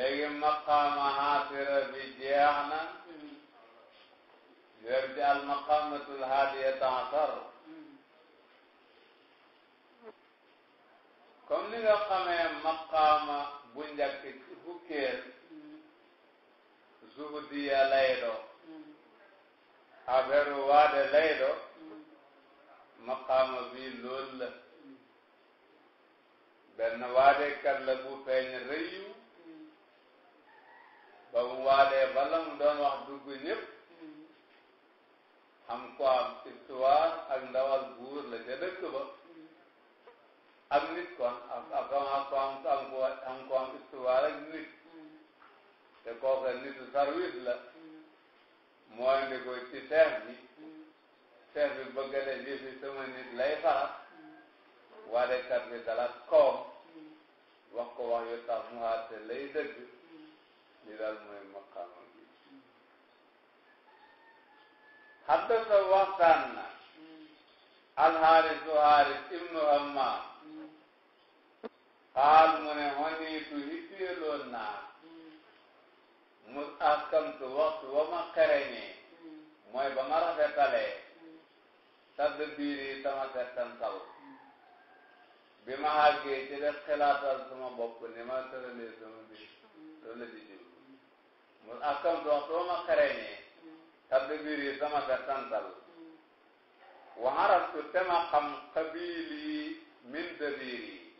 léegi maqaama xaafira bi jeex na weer di al maqaamatul haadiyata asar comme ni nga xamee maqaama bu njëkk fukkeel zuhdiya lay do waade lay do maqaama bi lool la benn waadekat bu feeñ rëyu ba mu waalee ba la mu doon wax dugg ñëpp xam ko am histoire ak ndawal buur la ca dëkk ba ak nit kon ak ak am ko am am ko am histoire ak nit te kooka nitu service la moo indi ko ci chef bi chef bi bëgg na jëfi sama nit lay faral waaye kat bi dala koom wax ko wax yu tax mu àtte lay dëgg. li daal mooy maqaama bi haddasa waxtaan na alxaarisu xaaris ibnu hammaam xaal mu ne xoniitu hippiyeloon naa mu askamtu waxtu wa ma xereñee mooy ba ma rafetalee tadd biir yi sama settantal bi ma àggee ci def xilaatal sama bopp ni ma tëralee sama biir loolu la mu akkam dox soo ma xereñee tabbi biir yi sama bertantal waxaratu te ma xam xabiil min dabiir yi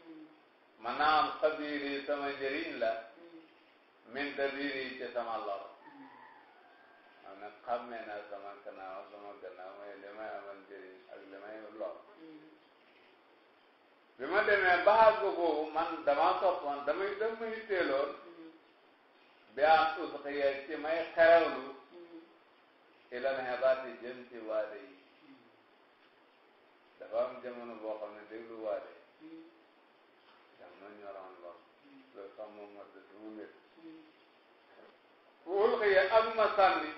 maanaam xabiil yi sama la min dabiir yi ci sama lor xam ne xàmmee naa sama gannaaw sama gannaaw mooy li may amal njëriñ ak li may lor bi ma demee ba àgg boobu man dama soppoon damay damay teeloon bi an udxiya ci may xerewlu ilal hebaati jëm ci waade yi dafa am jamono boo xam ne déglu waade jam na ñoroon lool loolu sax moom ma dëdd mu nit fu am ma sànni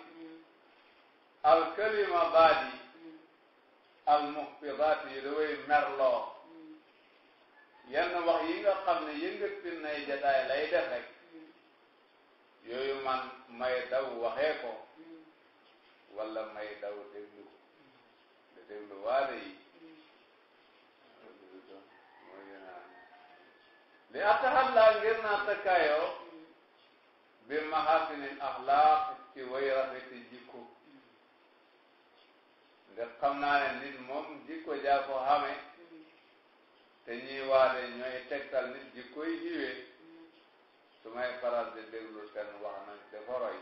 al kalima baadi al muxfidaat yi daway merloo yenn wax yi nga xam ne yëngat fi nay jataay lay def yooyu man may daw waxee ko wala daw déglu ko te waale yi li ataxallaa ngir naa takkaayoo bi mahasinil axlaaq ci way rafeti jikko nga xam naa ne nit moom jikko jaa ko xame te ñuy waade ñooy tegtal nit jikko yi yiwee su may faral di déglu seen wax nañ te foroy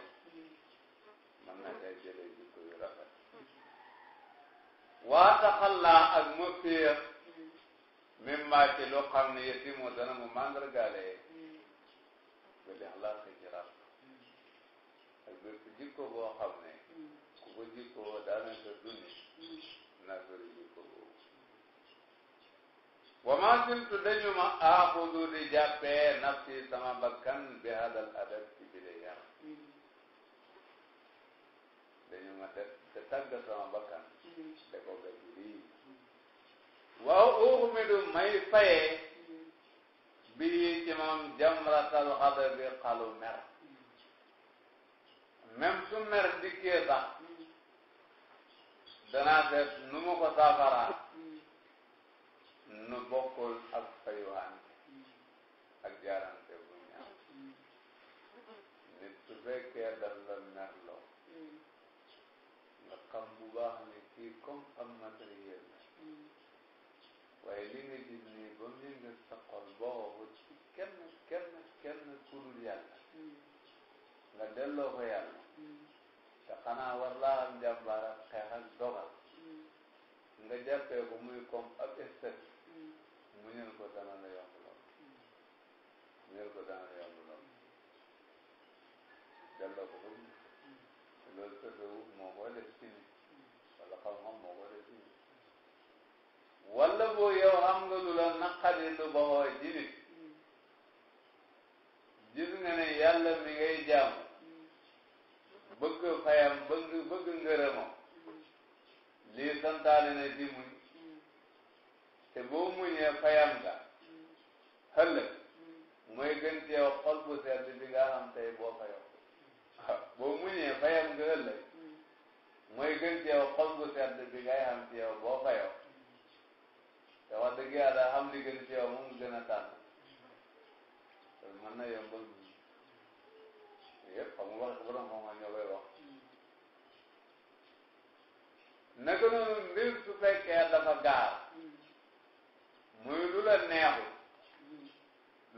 mën na cay jële jikko yu rafet waa taxallaa ak ma féer même maa ci lu xam ne yëfi mu dana mu màndargaale ba dex laa ko ci rab ak bépp jikko ku ko jikkoo daanaka duni naa ko wama simtu dañu ma aaxudu di jàppee nafsi sama bakkan bi hadal adab ci bile yar dañu ma te te sama bakkan te ko gàcce lii waaw uxmidu may fayee bii ci moom jamratal xadabi xalu mer même su mer dikkee sax danaa seet nu ma ko saafaraa nu bokkul ak fayuwante ak bu ñaaw nit su fekkee daf la merloo nga xam bu baax kii comme am matériel la waaye li nga gis nii ba mu yëngal sa xol boo ko ci kenn kenn kenn ku dul yàlla nga delloo ko yàlla te xanaa war laa am jàmbaar ak xeex ak dogal nga jàppee ko muy comme ab espèce muñal ko dana la yomb lool muñal ko dana la yomb lool delloo ko mu te loolu tëddewu moo ko def ci nit wala xam-xam moo ko def ci nit wala boo yow am nga lu la naqari lu baxoo ci nit gis nga ne yàlla mi ngay jàmm bëgg fayam bëgg bëgg ngërëmam lii santaane na ci muñ te boo muñee fayam nga xëllëg mooy gën ci yow xol bu sedd bi nga xam tey boo fayoo mm. boo muñee fayam nga xëllëg mm. mooy gën ci yow xol bu sedd bi ngay xam ci yow boo fayoo mm. te wax dëgg yàlla xam li gën ci yow moom gën a tànn loolu mën na yombal yëpp xam nga wax borom xam-xam ñoo koy wax naka noonu mbir su fekkee dafa gaar muy lu la neexul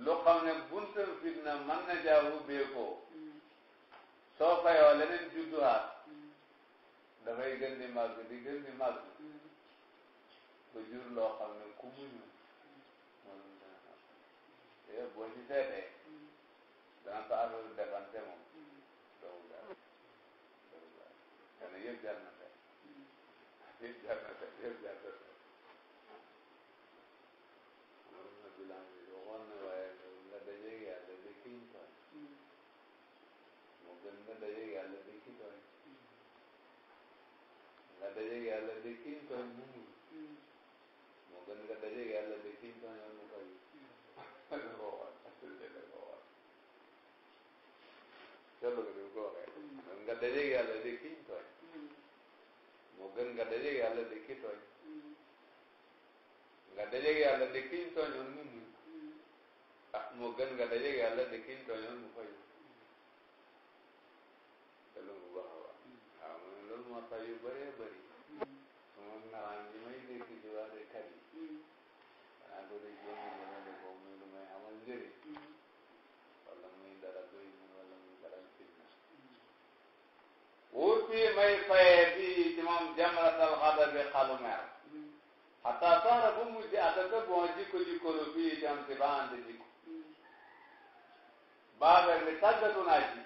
lu xam ne buntam fitna mën na jaa ubbeekoo soo fayoo leneen judduwaat dafay gën di màgg di gën di màgg ba jur loo xam ne ku muñu moom dana boo ci seetee dana fa affaire na tey yëpp jar na tey dajeeg yàlla de kiñ tooñ mu hmm. muñ moo gën nga dajeeg yàlla de kiñ tooñ mu bañ hmm. la ko war hmm. la ah, ko war seetlu nga ni mu ko waxee nga dajeeg yàlla de kiñ tooñ moo gën nga dajeeg yàlla de ki tooñ nga dajeeg yàlla de kiñ tooñoon mu muñ ah moo gën nga dajeeg yàlla de kiñ tooñoon mu fayu te loolu bu baax a baax waaw mu ne loolu moo tax yu bëree bëri ignorant ñi may dégg ci waatekat yi danaa ko dee jéem a jëmale ko muy lu may amal njëriñ wala muy dara doy mu wala muy dara fitna wuuti may fayee bi ci moom jamratal xada bi xalu mer xata saara bu mujj atata bon jikko jikkoru fii jam si ba ànd jikko baabe li tàggatu naa ji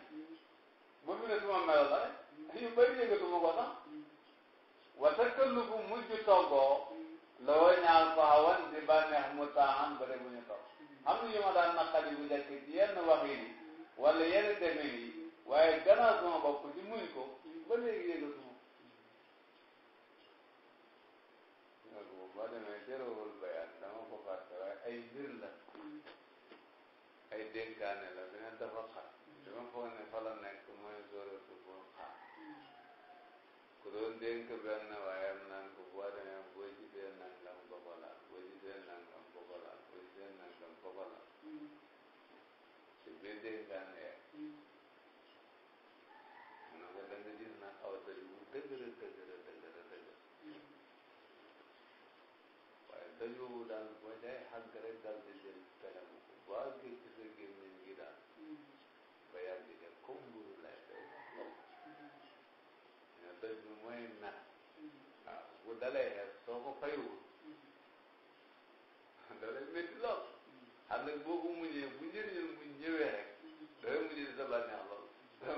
loolu moom boo demee jërëwul bayaan dama ko fàtte waaye ay mbir la ay dénkaane la bi ne dafa xat li ma foog ne fa la nekk mooy zoratu boo xaar ku doon dénk benn waayam naan ko boo demee boo gisee nangam bobolaal boo gisee nangam bobolaal boo gisee nangam bobolaal si biir dénkaane yaa te ñëwu daal mooy day xàgg rek daal di jël kanamu ko bu àggee ci sa gémmiñ gi daal mm. ba yàgg ja comme mburu lay doon ne dëj bi mooy nax mm. waaw bu dalee xeet soo ko faywul mm. dalay métti lool xam nag boo ko muñee bu njëriñul bu ñëwee rek dafay mujjee sa bànneex lool waaw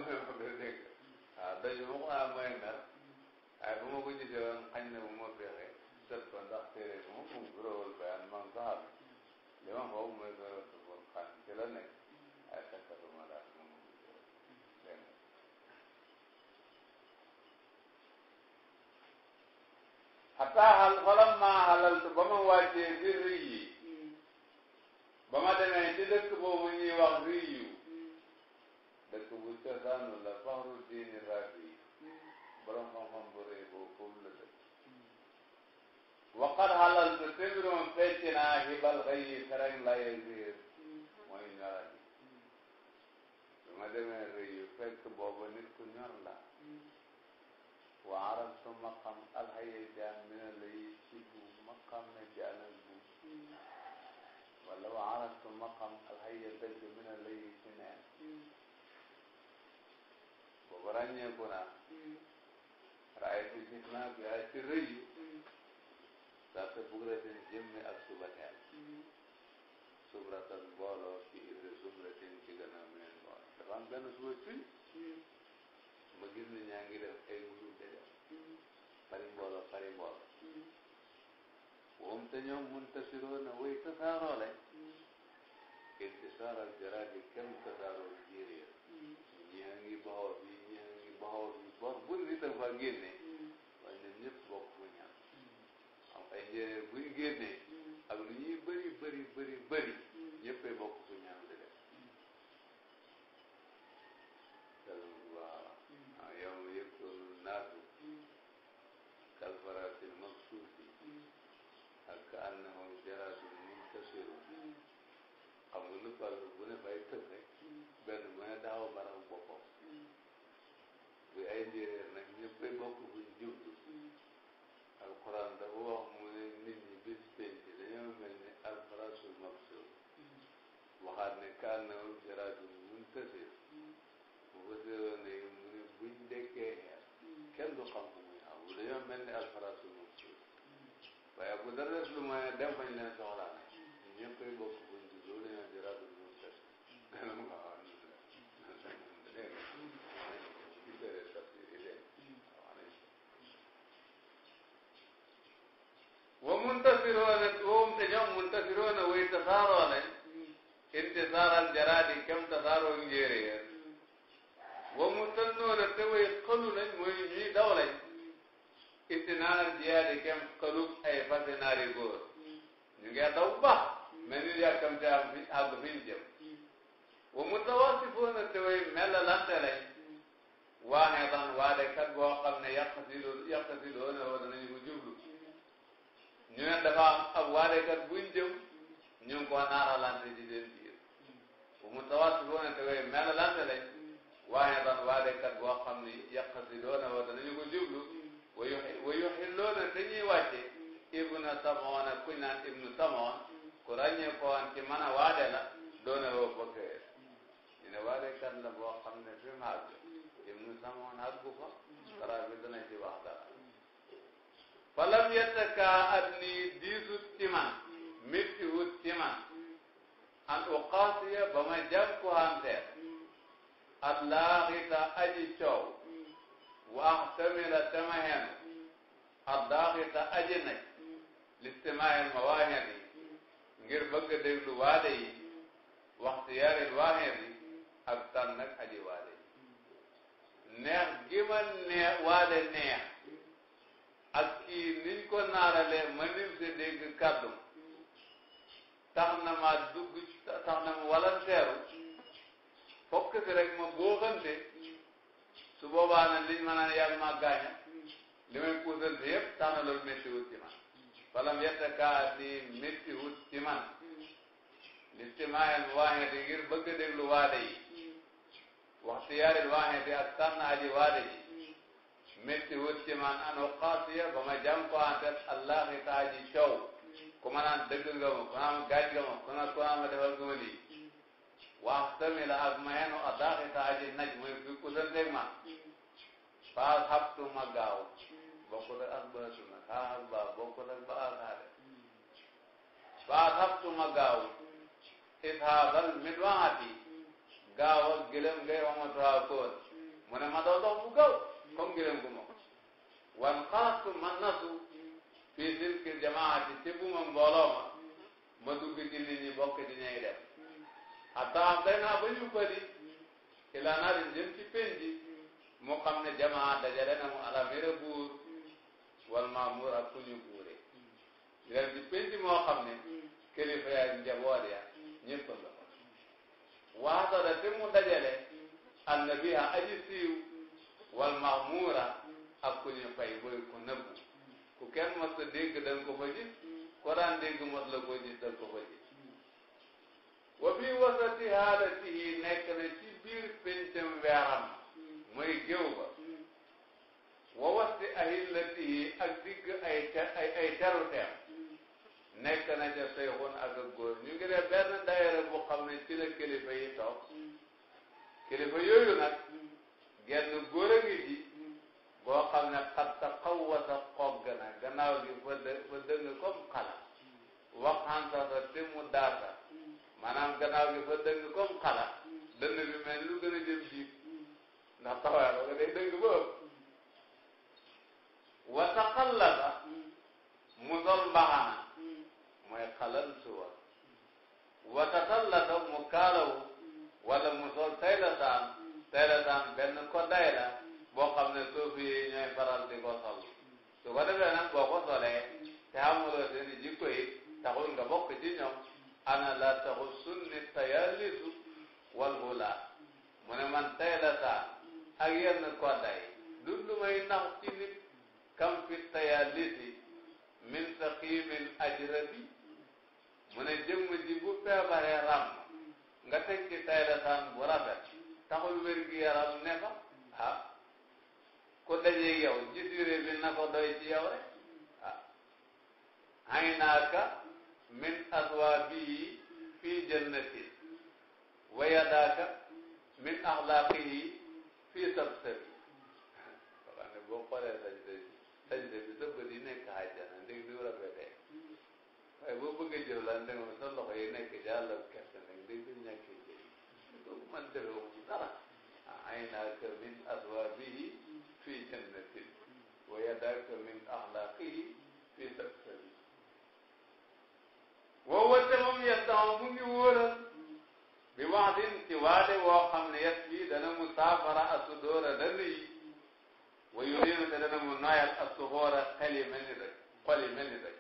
dëj bi ma ko ah mooy nar waaye bu ma ko gisee woon xañ na bu ma feexee tër ko ndax téere bi moom moom gurowul bayan man li ma foofu mooy gërëm su ko xan ci la nekk ay takkatuma daal moom dégg nga xataa xal falam maa xalaltu ba ma wàccee di riyi ba ma demee ci dëkk boobu ñuy wax riyu dëkk bu cosaanu la faxru diini rabi borom xam-xam bu rëy boobu foofu la waqad halal bi tibirun fecc naa hibal xëyi fereg laye biir mooy ñora bi su ma demee rëyu fekk booba nit ku ñor la wa arab su ma xam alxaye jaan mina layi ci bu ma xam ne jaanan bu wala wa arab su ma xam alxaye dëgg mina layi ci neen booba ràññeeku naa raay bi gis naa bi ay ci rëyu laata bugratin jëmmi ak suba teel subratan mbooloo fi ibri sumratin ci gën a meen mbooloo dafa am benn suba tuy ma gis ñaa ngi def ay musul de def pari mbooloo pari woom te ñoom mun tasiroo na way tasaaroo lañ intisaaral jaraji kenn tasaaroo jiir ya ñi a ngi bi ñi a ngi bi bor bu nit a fa génne waaye ñun ñëpp ay njëriñ buñ génnee mm. ak lu ñuy bëri bëri bëri bëri mm. ñëppay bokk su ñaan di def mm. waaw ah yow yëppoon naasu kalfaratin mabsuusi ak ka annahum jaradun muntasiru xam nga lu toll bu ne bay tëb rek benn mu ne daaw baram boppam bu ay njëriñ nag ñëppay bokk buñ jublu alquran dafa wax waxaat ne kaan na woon siraatun muntasir bu ko seetloo ne kenn du xam ko muy mel ni alfaraasu moom waaye bu dara des lu may dem fañ leen soxlaa ne ñëpp koy bokk buñ ci loolu dañoo siraatun muntasir kanam nga xam wa muntasiroo ne woom intisaaral jaraadi kem tasaaroo njéere ya wa mu tënnoona te way xalu nañ mooy ñuy daw lañ itinaaral jiyaadi kem ay fase góor ñu ngi daw bu baax mel ni yàkkamte am fi àgg fi jëm wa mu tawasifoona te way melalante lañ waane dan waade kat boo xam ne yàqasilo yàqasiloona woo danañu ko jublu ñu ne dafa ab waadekat buñ jëm ñu ngi ko naaralante ci seen biir bu mu tawaat bi wane te way melalante lañ waaye daan waalekat boo xam ne yaqsidoona wa danañu ko jublu wa yu wa yuxilloona te ñuy wàcce ibna samoon ak kuñ naan ibnu samoon ku ràññee ko woon ci mën a waade la doona woo bëggee ñu ne waalekat la boo xam ne fi mu àgg ibnu samoon àggu fa xaraa bi dana ci wax dara falam yettakaa at nii diisut ci man méttiwut ci man an uqaasiya ba ma jàppu hanteer at laaxita aji coow wa axtamila tama hen at laaxita aji naj listimaayil ma waaxet yi ngir bëgg déglu waade yi waxtiyaaril waaxet yi ak tànn ak neex gi ma neex waade neex ak kii niñ ko ma nim si dégg tax na ma dugg tax na ma walanteeru fokk si rek ma booxante su boobaa nag liñ ma naan yàgg ma gaaña li may puusante tax na loolu métti wut ci man falam yetta kaa ni métti wut ci man listimaayen waaxe di ngir bëgg a déglu waade yi waxtiyaarin waaxe di ak aji waade yi métti wut ci man an oqaasiya ba ma jànkuwante allahi taaji coow ku ma naan dëgg ku ma am gàj ma ku ma ku ma am defal nga ma lii waax tamit la ak mayenu adaaxi ta aji naj mooy fi ma faal xabtu ma gaaw bokkut ak asbaatu nag xaa asbaa bokkut ak ba asaare faal xabtu ma gaaw ithaabal midwaati gaaw ak gëlëm ngay xomatuwaa koor mu ne ma daw dox bu gaaw comme gëlëm gu ma wan xaastu ma nasu fii silki jamaati ci buma mbooloo ma ma dugg ci nit ñi bokk ci ñay def attaam day naa ba ñu bëri ilaa naa di ci penji mu xam ne jamaa dajale na mu alamira buur wal maamuur ak buure dem penji moo xam ne kilifa ya njaboot ya ñëpp la ko waasara te mu dajale annabiha aji siiw wal maamuura ak fay boy ku nëbbu ku kenn mos a dégg ko fa gis ko daan mos la ko gis da nga ko fa gis wa fi wasati haalatihi nekk na ci biir péncam weeram mooy géew ba wa wasti ahillatihi ak digg ay teru teem nekk na ca seyxun ak ak góor ñu ngi dee benn daayira bu xam ne ci la kilifa yi toog kilifa yooyu nag la taxusunni tayallitu wal hulaat mu ne man tay ak yenn kodday du lu may nax ci nit kam fi tayalliti min saqimin ajrabi mu ne jëmm ji bu feebaree ram nga teg ci tay bu rafet taxul wér gi yaram ne fa ah ku dajeeg yow ci duré bi na ko doy ci yow rek ah aynaaka min aswaabihi fi jannati wa yadaaka min axlaaqihi fi sabsabi xam ne boo xoolee sajda bi sajda bi sa bët yi nekk àjjana ndég ni rafetee waaye boo bëgg a jëflante moom sa loxo yi nekk ci àll bu kese nag ndég du ñàkk jëriñ doo man defewu dara aynaaka min aswaabihi fi jannatin wa yadaaka min axlaaqihi fi sabsabi woo wëtte moom yet dama mu ngi wóoral bi wax din ci waade woo xam ne yet bi dana mu saafara asu dóora dënn yi wa yu léenu te dana mu noyal asu xóora xel yi mel ni dëkk xol yi mel ni dëkk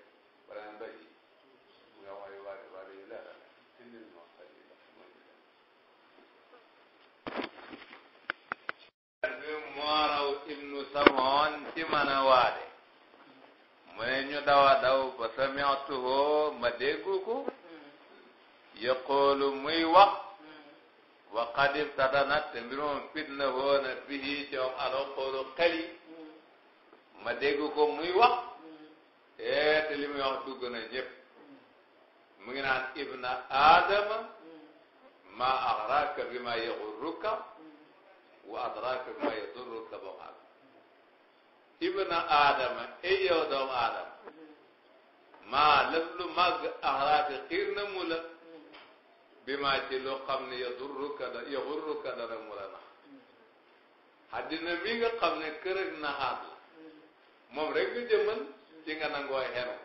wala na doy mu nga waay waade waade yu leeral sindil ma xel yi mooy mooraw ibnu samoon ci mën a waade mu ne ñu dawa daw fa sami'tuhu ma déggu ko yaqulu muy wax wa qad ibtadanat te mbir fitna woon na fii ci moom alaqulu xel ma dégg muy wax ee te li muy wax dugg na ñëpp mu ma axraka bi ma yaxurruka hmm. wa adraka bi ma yadurruka ba ibna aadama ey yow doomu aadama maa lëf lu màgg axraati xiir na mu la bi maa ci lu xam ne yadurruka da yadurruka dana mu la nax àddina mi nga xam kër ak naxaat la moom rek nga jëmal ci nga nangooy xenu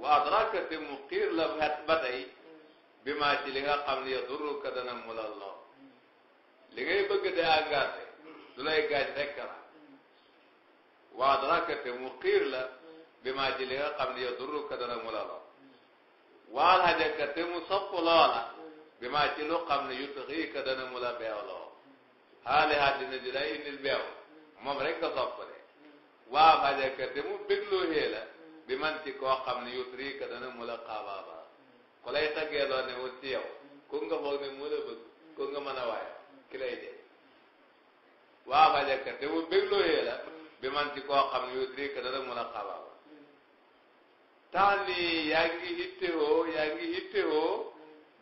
wa adraka te mu xiir la xet ba tey bi maa ci li nga xam ne yadurruka dana mu la lool li ngay bëgg de engagé du lay gaañ rekk la wa adraka te mu xiir la bi maa li nga xam ne yow durruka dana mu la lor waal hajaka te mu sopp loola bi maa ci lu xam ne yut xiika dana mu la beewloo xaali haddina ji day indil beew moom rek ka sopp de waaw hajaka te mu bégloo xée la bi man ci koo xam ne yut riika dana mu la xaabaaba ku lay taggee loo ne wut ci yow ku nga mu la bëgg ku nga mën a ki lay dee waaw hajaka te mu bégloo xée la bi man ci koo xam ne yow dégg dara mun a xabaaba tax lii yaa ngi hittewoo yaa ngi hittewoo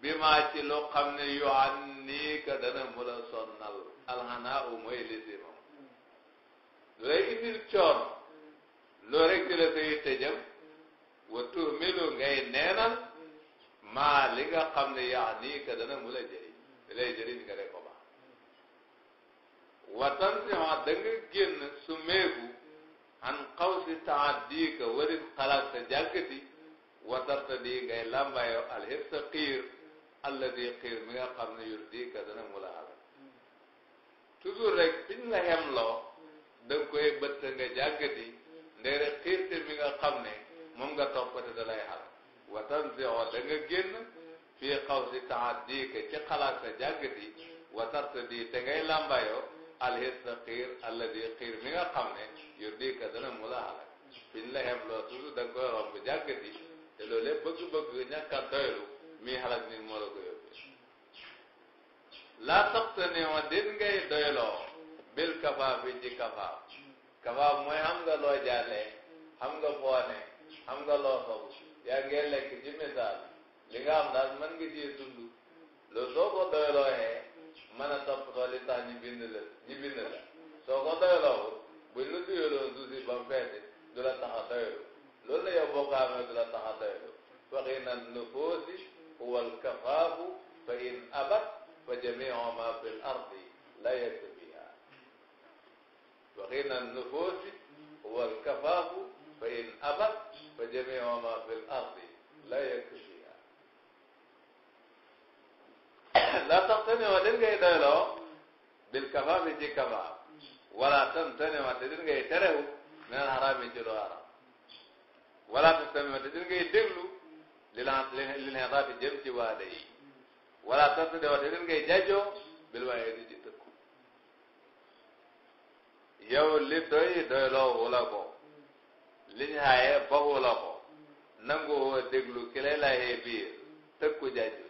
bi maa ci loo xam ne yoo xam nii que dana mun a sonnal alxanaa u mooy lisimam lay indil coono loo rek di la sa yitte jëm wa tuhmilu ngay neenal maa li nga xam ne yaa nii que dana mun a jëriñ lay jëriñ nga de ko watan si ma da génn su meegu an xaw si taaddi ka warit xalaat sa jàggati watarta di ngay làmbaayoo alxir sa xiir alladi xiir mi nga xam ne yur di ka dana mu la alal toujours rek fiñ la xemloo da nga koy bëtt nga jàggati ndere xiir te mi nga xam ne moom nga toppate da lay xal watan si oo da nga génn fii xaw si taaddi ka ci xalaat sa jàggati watarta di te ngay làmbaayoo alhissa xiir alladi xiir mi nga xam ne yu di ka mu la halak fiñ la xem loo toujours da nga koy romb jàggati te bëgg-bëgg ñàkk a doylu mii halak nit moo la ko yóbbee laa soxta ne bil kafaaf bi ci kafaaf kafaaf mooy xam nga loo jàllee xam nga foone xam nga loo sobu yaa ngi lekk ci misaal li nga xam daal mën nga cee dund loolu soo ko doyloo mën a toppatoo li tax ñu bind la ñu bind la soo ko doyloowul buñ la duyaloon suuf si ba mu feete du la tax a doylu loolu la yow boo ko amee du la tax a doylu فغنى النفوس هو الكفاف فإن أبت فجميع ما في الأرض لا يكفيها فغنى النفوس هو الكفاف فإن أبت فجميع ما في الأرض لا يكفيها la taxtane wa den ngay doyloo bil kafa mi ci kafa wala tamtane wa te den ngay terew min al haram mi ci lu haram wala tamtane wa te den ngay déglu li la li leen raati jëm ci waade yi wala tamtane wa te den ngay jajjoo bil waaye di ci tëkku yow li doy doyloo wula ko li ñu xaaye ba wula ko nangu woo déglu ki lay laajee biir tëkku jajjo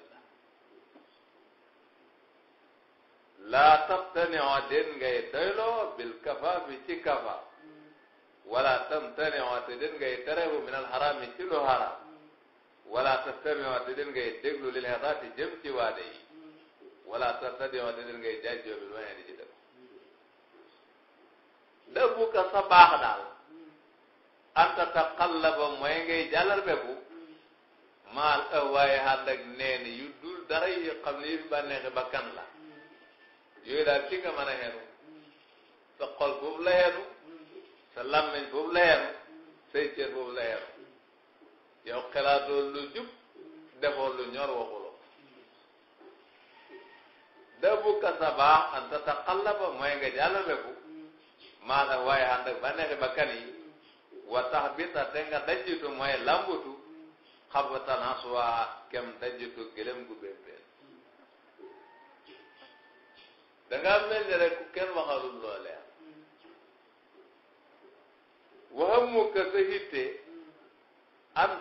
laa tamtani o den ngay doyloo bil kafa bi ci kafa wala tamtani o te den ngay terewu min al harami ci lu haram wala tamtani o te den ngay déglu lil hadaati jëm ci waade yi wala tamtani o te den ngay jajjoo bil waxe di ci dem la bu ka sa baax daal anta taqallaba mooy ngay jàllar beku maal ëwwaaye ànd ak neen yu dul dara yi xam ne yu fi bànneexi bakkan la yooyu daal ci nga mën a xenu sa xol boobu la xenu sa làmmiñ boobu la xenu say cër boobu la xenu yow xelaatoo lu jub defoo lu ñor waxuloo dabuka sa baax an tataqallaba mooy nga jàllaleku maa la waaye ànd ak bànneexi bakkan yi wa tax bi ta te nga dajjitu mooy làmbutu xabatanasuwaa kem dajjitu gëlëm gu béppee da ngaa mel ni rek ku kenn waxalul loo leer waxam mu ka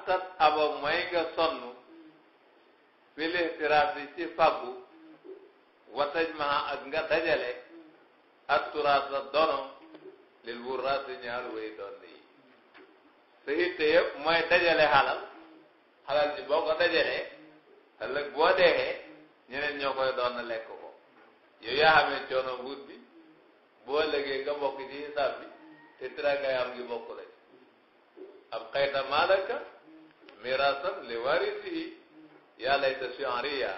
sa aba mooy nga sonn fil ihtiraf yi ci faggu wataj maa ak nga dajale ak turaasa dono lil wurraasi ñaar way doon yi sa hitte mooy dajale xalal xalal boo ko dajalee ëllëg boo deexee ñeneen ñoo koy doon lekk yow yaa xamee coono nguur bi boo lëgee nga bokk ci xisaab bi te tiraanga yaam ngi bokk la ab xayta maalaka mirasan li warisihi yaa layta shi'riya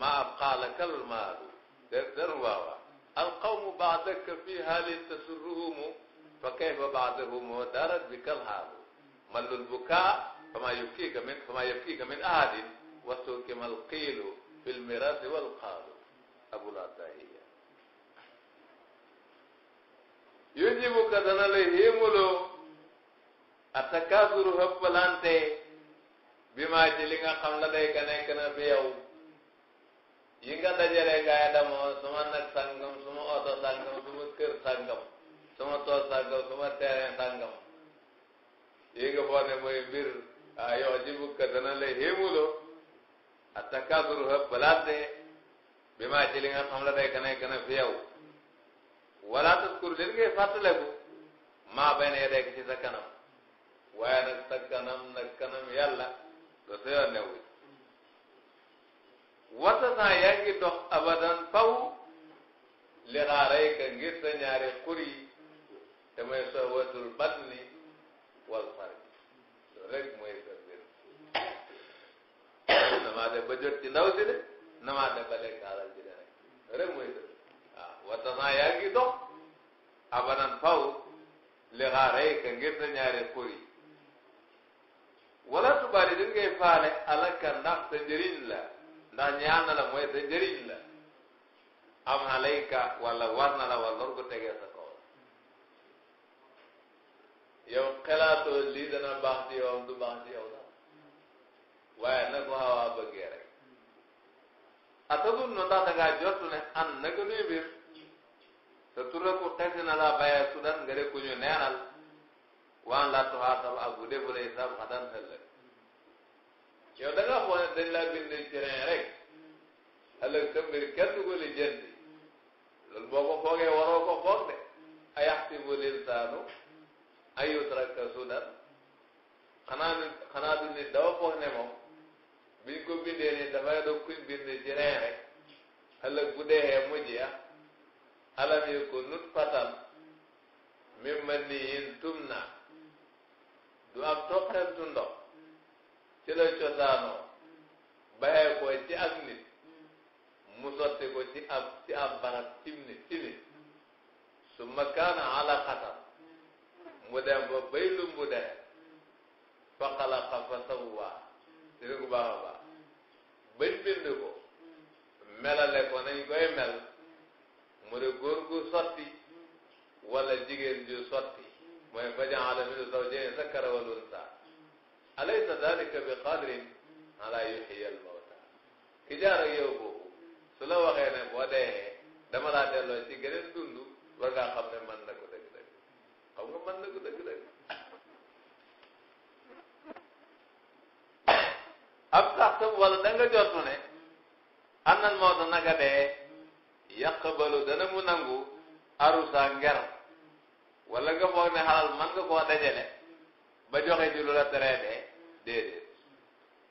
ma abqaalaka al maalu der der waawa al qawmu baadaka fi haalin tasurruhumu fa kayfa baadahum wa darat bika al haalu mallul bukaa fama yubkiika min fama yubkiika min ahadin wasuukima al qiilu fi l miraasi wal qaalu abulaad yujibu ka dana la yéemuloo atakasuru hëppalante bi maa ci li nga xam la day ka nekk na fi yow yi nga dajale gaay damoo suma nag sàngam suma oto sàngam suma kër sàngam suma tool sàngam suma terrain sàngam yi nga foog ne mooy mbir ah yujibu ka dana la yéemuloo bi maa ci li nga xam la day wala taskur leen ngay fàttaleku maa bay ne rek ci sa kanam waaye nag sa kanam nag kanam yàlla do sa yoon newu wata saa yaa dox abadan faw li xaaray ka ngir sa ñaari xur yi te mooy sowatul batni wal farj loolu rek mooy sa mbir namaa jot ci ndaw si de namaa de ba lekk alal ji de rek rek mooy sa watanaa yaa ngi dox abadan faw li xaaray ka ngir sa ñaari xur yi wala tubaali di ngay faale alaka ndax sa njëriñ la ndax ñaan la mooy sa la am alayka wala war la wala lor ko tegee sa kaw yow xelaatoo lii dana baax ci yow am du baax ci yow daal waaye na ko xawaa bëggee rek atadun no ndax da ngaa jot ne an naka nuy biir te tura ku xesi na laa ku ñu neenal waan laa tuxaasab ak bu defu lay sab xatan ëllëg yow da nga xool ne dañ laa bind rek ëllëg sa mbir kenn du loolu boo ko ko foog de ayaxsibu linsaanu an yutraka sudan xanaa ni xanaa du nit dafa foog ne moom biñ ko bindee nii dafay doon kuñ bind ci ren rek alam yakun nutfatan min maniyin na du ab toqantu ndox ci la cosaanoo bayee ko ci ak nit mu sotti ko ci ab ci ab barab cim nit ci nit su ma kaana alaqatan mu dem ba bay lu mu dee fa xalaqa fa sawwaa dina ko baax a ko melale ko nañ koy mel mu ne góor sotti wala jigéen ju sotti mooy fajaala min zawjayni zakara wal unsa alaysa dalika bi qadirin ala yuhyil mawta ki jaar ak yow boobu su la waxee ne dee dama laa delloo ci geneen dund war ngaa xam ne mën na ko dëgg-dëgg nga mën na ko dëgg-dëgg ab sax tam wala da jot mu ne am nan moo tax yaqbalu dana mu nangu arusa nger wala nga foog ne xalal man nga koo dajale ba joxe ci lu la teree dee déedéet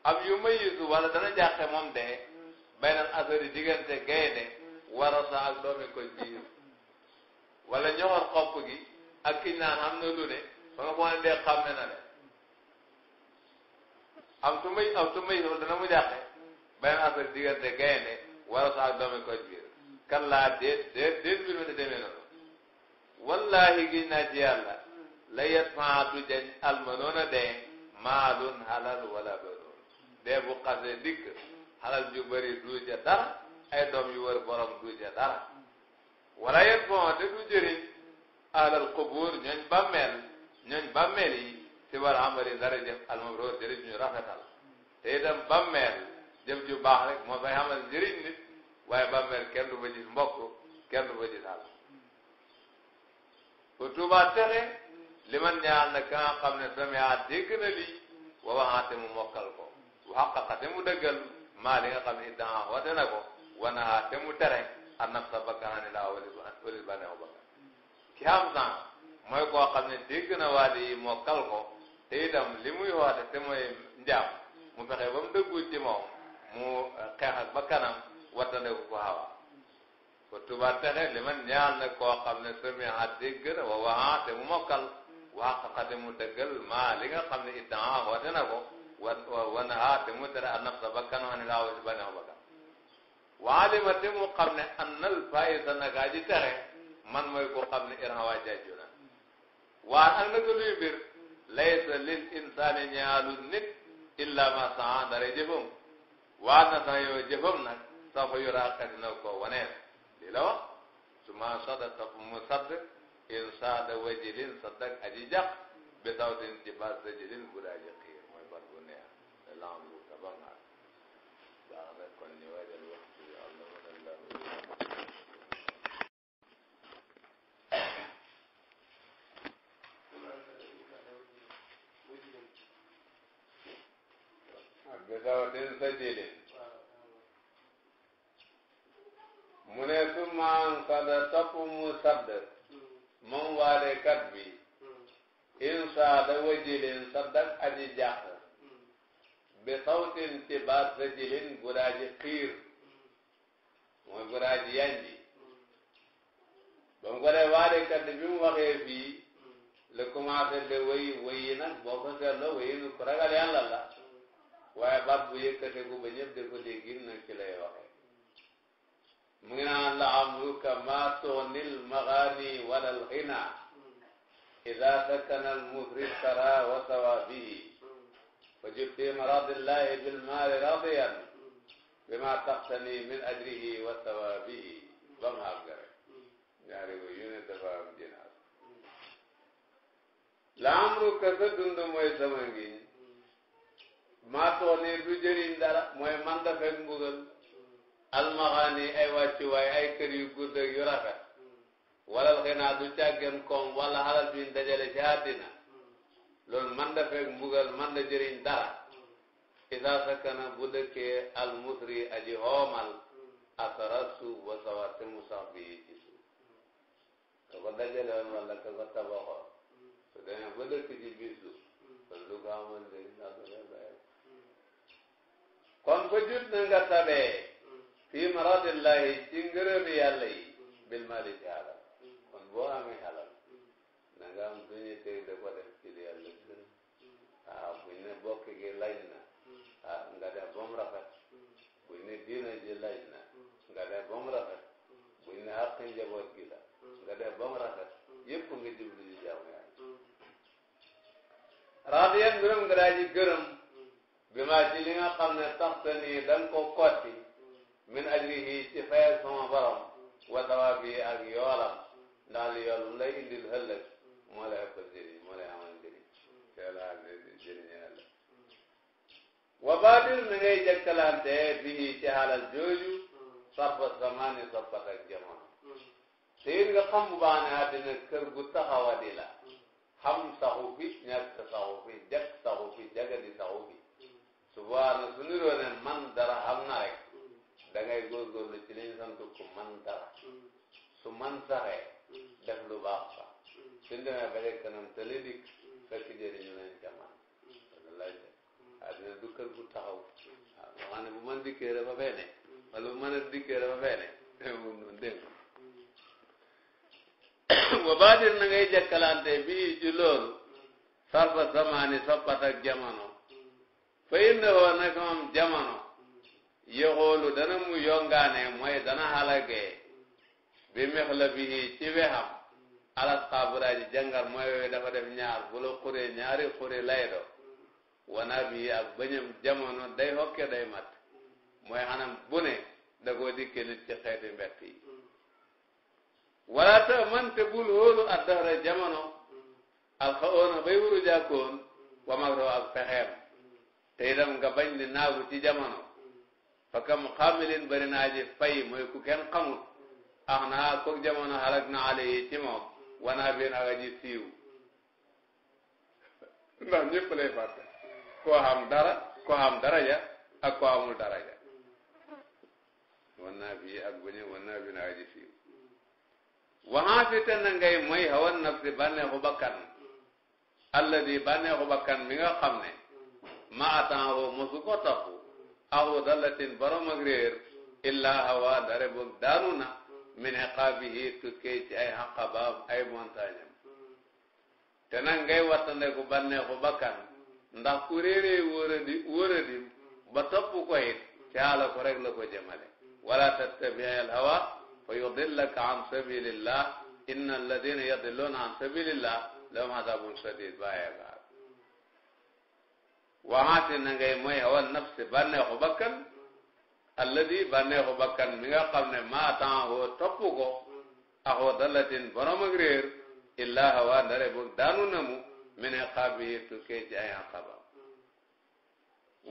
am yu mayisu wala dana jàqe moom dee baynal asari diggante gaynde warasa ak doomi ko jiir wala ñoxor xopp gi ak kiñ naan xam na lu ne ba nga foog ne dee xam ne na le am su may am su mayisu dana mu jàqe baynal asari diggante gaynde warasa ak doomi ko jiir kallaa déet déet déet mbir mi di wallahi giñ naa ci la yet maa du jañ almanoona dee maalun halal wala banoon dee bu xasee dikk halal ju bëri du dara ay doom yu wër borom du dara wala yet bon te du jëriñ alal qubuur ñooñ bàmmeel ñooñ bàmmeel yi war amali dara jëf almabroor jëriñ ñu rafetal te itam bàmmeel jëf ju baax rek fay amal njëriñ nit waaye bàmmeel kenn du fa gis kenn du fa gis àll bu tuubaa li man ñaar na ka nga xam ne samia dégg na lii wa waxaate mu mokkal ko waxaqaqa te mu dëggal maa li nga xam ne daa wate na ko wanaha te mu tere an naf sa bakkana ni wali ba neew bakkan ki am san mooy koo xam ne dégg na waa di ko te itam li muy woote te mooy njaam mu fexe ba mu dëggul ci moom mu xeex ak bakkanam wattane ku ko hawa ko tuba texe li man ñaal na koo xam ne samiha dégg na wa waxa te mu mokkal waxaqa te mu dëggal maa li nga xam ne iddaa woote na ko wanaha te mu tere a nafsa bakkan wa ni laa wasi baneex bakkan wa alima te mu xam ne annal faisa nakaa ji texe man mooy ko xam ne irhawa jajju na waa ak naka luy mbir laysa lil insaani ñaalu nit illa ma saa dara jëfam waa na sax yow jëfam nag safa yuraa xadina ko wanees lii la wax su ma sadda topp mu sadd in saada wajilin saddak aji bi sawtin ci baat sajilin bu daa ji mooy baat bu neex bu tabax naa baax na mu ne summaan sada topp mu sadd moom waale kat bi insa da wajilin saddak aji jàq bi sawtin ci rajilin guraaji xiir mooy guraaji yanji ba mu ko dee waale kat bi mu waxee fii le commencé de wéy wéyi ragal yàlla la waaye baat bu yëkkate gu ba ñëpp di ko dégg nag ci lay waxee mu ngi naan la amruka ma toonil magaani wala alxina ida sakana almusrif tara wa sawa bihi fa jub fi maradillahi bilmaali radiyan bima taxtani min ajrihi wa sawa bihi ba mu àgg rek ñaari ko yu ne dafa am jinaas la amruka sa dund mooy sama ngiñ maa toonil du jëriñ dara mooy man dafay mbugal almaxaani ay wàccuwaay ay kër yu gudd ak yu rafet hmm. walal xinaa du càggeen koom wala xalal biñ dajale ci àddina hmm. loolu man mbugal man da jëriñ dara hmm. isaa sakkana bu dëkkee almusri aji xoomal asara suuf wa sawarte mu sax bi ci suuf ka ko dajale woon wala ka ko tabaxoon kon lu ko amal fii maradillahi ci ngërëmi yàlla yi bil mali ci alal kon boo amee alal na nga am duñu tey da ko def ci li yàlla gërëm ah buñ ne bokk gi laaj na ah nga def ba mu rafet buñ ne diina ji laaj na nga def ba mu rafet buñ ne àq njaboot gi la nga def ba mu rafet yépp nga jublu ji jaamu yàlla radiyan ngërëm nga daa ji gërëm bi maa ci li nga xam ne tax nii da ko kotti min ajrihi ci fayal sama borom wa sawaabi ak yoolam ndax li yool mu lay indil ëllëg moo lay ëpp jëriñ moo lay amal jëriñ teelaa jëriñ ëllëg wa baatil na ngay jëkkalante bii ci xaalal jooju soppa samaani soppat ak jamono te it nga xam bu baax ne àddina kër gu taxawadi la xam saxu fi ñàkk saxu fi jëkk saxu fi jagadi saxu fi su boobaa nag su niroo ne man dara xam na da ngay góorgóorlu ci li ñu sant ku man dara su man saxee def lu baax sax suñ demee ba kanam te dikk fekk jëriñu lañ ca man loolu lañ def àddina du kër bu taxaw waaw loo xam ne bu man dikkee dafa fee ne bu mën a dikkee dafa fee ne mun noonu dégg wa baadir na ngay jëkkalante bii ci loolu sarfa samaani fa inna woo nag moom yëgoolu dana mu yongaane mooy dana halage bi mexlabihi ci wexam alas xaaburaji jàngal mooy yooyu dafa def ñaar bu la xure ñaari xure lay do wana bi ak bañam jamono day hokke day mat mooy xanam bu ne da koo dikke nit ci xeeti mbett yi wala ta mante bul hóolu addahra jamono alxa oona bay wuru jàkkoon wa mag ak pexeem te itam nga bañ ni naagu ci jamono fa kam xaamilin bëri naa ji fay mooy ku kenn xamut ax naa kook jamono xalag na ale yi ci moom wanaa biin ak aji siiw ndax ñëpp lay fàtte koo xam dara koo xam daraja ak koo amul daraja wanaa bii ak bu ñu wanaa biin ak aji siiw waxaan si te na ngay mooy hawan nafsi bànneexu bakkan alladi bànneexu bakkan mi nga xam ne ma attan woo mosu ko topp aw dalatin borom ak réer illaa hawa dare boog daanu na min iqaabihi tukkee ci ay xaqabaam ay montagne am te nag ngay wattandeku bànneexu bakkan ndax ku réeree wóoradi wóoradim ba topp ko it ci xaala ko rek la ko jëmale wala tattabii al hawa fa yudillaka an sabilillah inna alladina yadilluuna an sabilillah lahum adabun shadid bàyyee ba waxaate na ngay mooy hawal nafsi bànneexu bakkan alladi bànneexu bakkan mi nga xam ne maa taxawoo topp ko axoo dalatin borom ak réer illa hawa ndare boog daanu na mu mi ne xaabiyi tukkee ci ay xabaam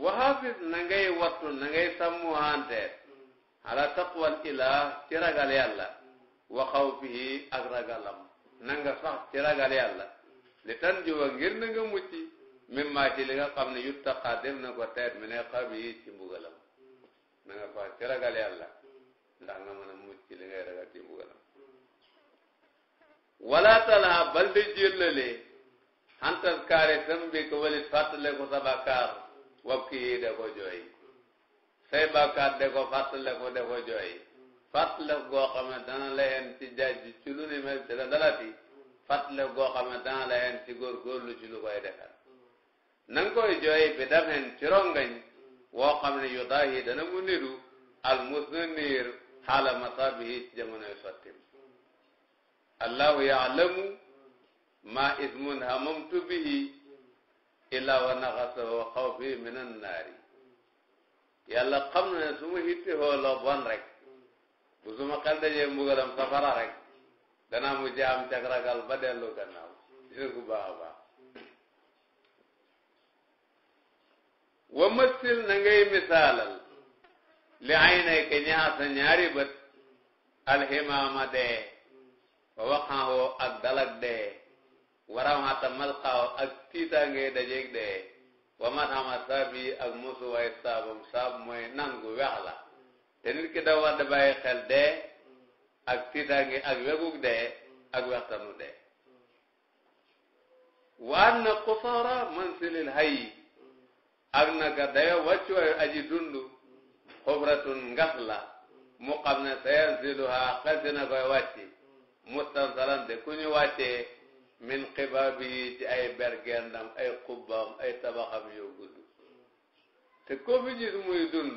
waxaafis na ngay wattu na ngay sàmmuhanteet ala taqwal ilah ci ragal yàlla wa xawfihi ak ragalam na nga sax ci ragal yàlla li tan juba ngir na nga mucci même maa ci li nga xam ne yuttaqa dem na ko teet mi ne xam yi ci mbugalam nga fa ci ragal yàlla ndax nga mën a mucc ci li ngay ragal bal de jëllale xantal kaare sam bi ko walit fàttale ko sa bàkkaar wab ki yi da ko jooy say bàkkaar de ko fàttale ko de ko jooy fàttale ko goo xam ne dana layen ci jajj ci lu ni mel ci la dalati fàttale ko goo xam ne dana layen ci góorgóorlu ci lu koy defal na jooy bi damen ci woo xam ne yu daahi dana mu niru al musnaniir xaala masaabihi ci jamonoy sottim allahu yaalamu ma ismun hamamtu bihi illa wa naxasahu xawfi min annaari yàlla xam na ne su ma hittihoo loo bon rek bu su ma xel dajee mbugalam safara rek danaa mujj am cag ragal ba dellu gannaaw gis nga ku baax a wa masil na ngay misaalal li ay nay ka ñaasa ñaari bët alximaama dee wa waxaawoo ak dalag dee waramata malxaaw ak tiitaa ngay dee wa matama saabi ak mosuwaay saabam saab mooy nangu weex la te nit ki dafa war da xel dee ak tiitaa ak wegug dee ak wextanu dee waan na xusaara mansilil hayyi ak naka dayo wàccu wayu aji dundu xubratun ngas la mu xam ne sayan siluha xel dina koy wàcci mustansalan de ku ñu wàccee min xibaab yi ay bergendam ay xubbaam ay tabaxam yoo gudd te koo fi gis muy dund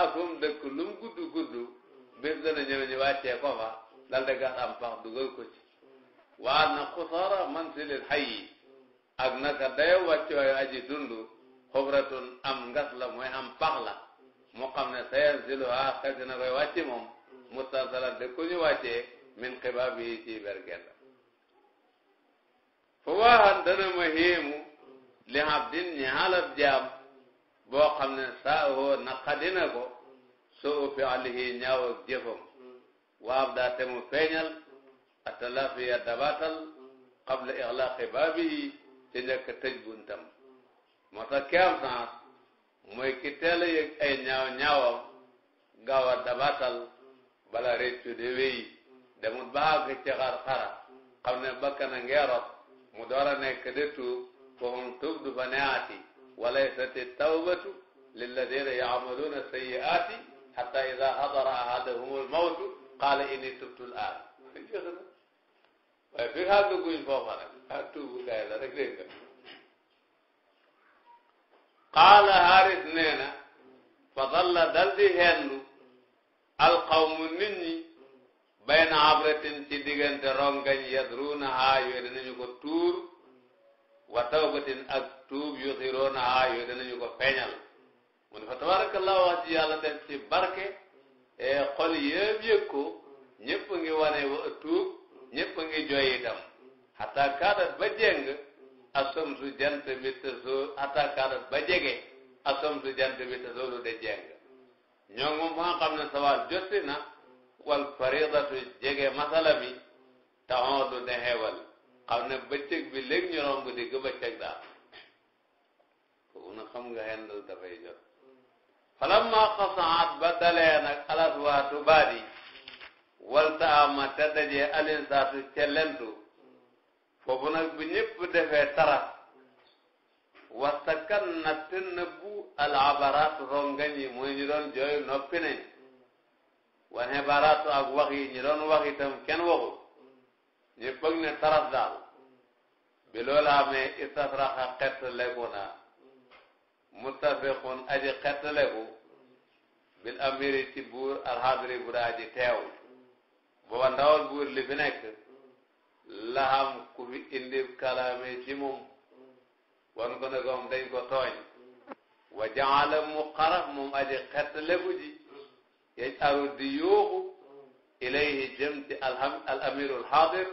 ak fu mu dëkk lu mu bis dana ñëw ñu wàccee ko fa dal de gas dugal ko ci na xusaara mansilil xay yi ak naka dayo wàccu wayu aji dundu xobratun am ngas la mooy am pax la mu xam ne sayen siloha xas na koy wàcce moom mustasalan de ku ñu min xibaab ci bergel fa waaxan dana ma héemu li abdin ñi xalab jaam boo xam ne saahoo naqadina ko fi alihi ñaaw ak jëfam waab daa te mu feeñal atalafiya dabatal qabla ixlaaqi baabi yi ci njëkk moo tax ki am sens mooy ki teel a yëg ay ñaaw ñaawam gaaw a dabatal bala réccu de wéyi demut ba àgg ci xar xara xam ne bakkan a ngeerot mu door a nekk de tuub fahum tubdu baniati walaysati tawbatu lilladina yaamaluna sayiati xata ida hadara ahadahum almawtu qaala inni tubtu l aan waaye fi àgg guñ foofa rek ah tuubu kaay la rek dégg nga qaala Haaris nee na fa dalla dal hendu alqawmu nit ñi bayna abratin ci diggante rongañ yadruunahaa yooyu danañu ko tuur wa tawbatin ak tuub yuxironahaa yooyu danañu ko feeñal mu ne fa tabarakallahu wax ci yàlla def ci barke xol yëpp yëg ko ñëpp ngi wane tuub ñëpp ngi jooy itam xataa kaadat ba jeng asam su jant bi te soo atakaar ba jege asam su jant bi te soo lu de jeng ñoo moom ba nga xam ne sawaal jotti na wal faridatu jege masala mi taxoon lu de xewal xam ne bëccëg bi léegi ñu romb digg bëccëg daal kooku na xam nga xendal dafay jot falamma xasaat ba dalee nag alas waatu baadi walta ama te dajee alin saatu foofu nag bu ñëpp defee taraf wastakan na nëbbu al abaraat rongañ yi mooy ñu doon jooy noppi nañ wane baraatu ak wax yi ñu doon wax itam kenn waxul ñu ne taraf daal bi loola amee istasraxa xett leku naa muttafiqun aji xett leku bil amiri ci buur alxadri bu daa aji teew booba ndawal buur li fi nekk laham ku fi indi kalaame ci moom wan ko ne koom dañ tooñ wa jaala mu xaraf moom aji xettaleku ji yaj aru di yooxu ilayhi jëm ci alham al amiru alxaadir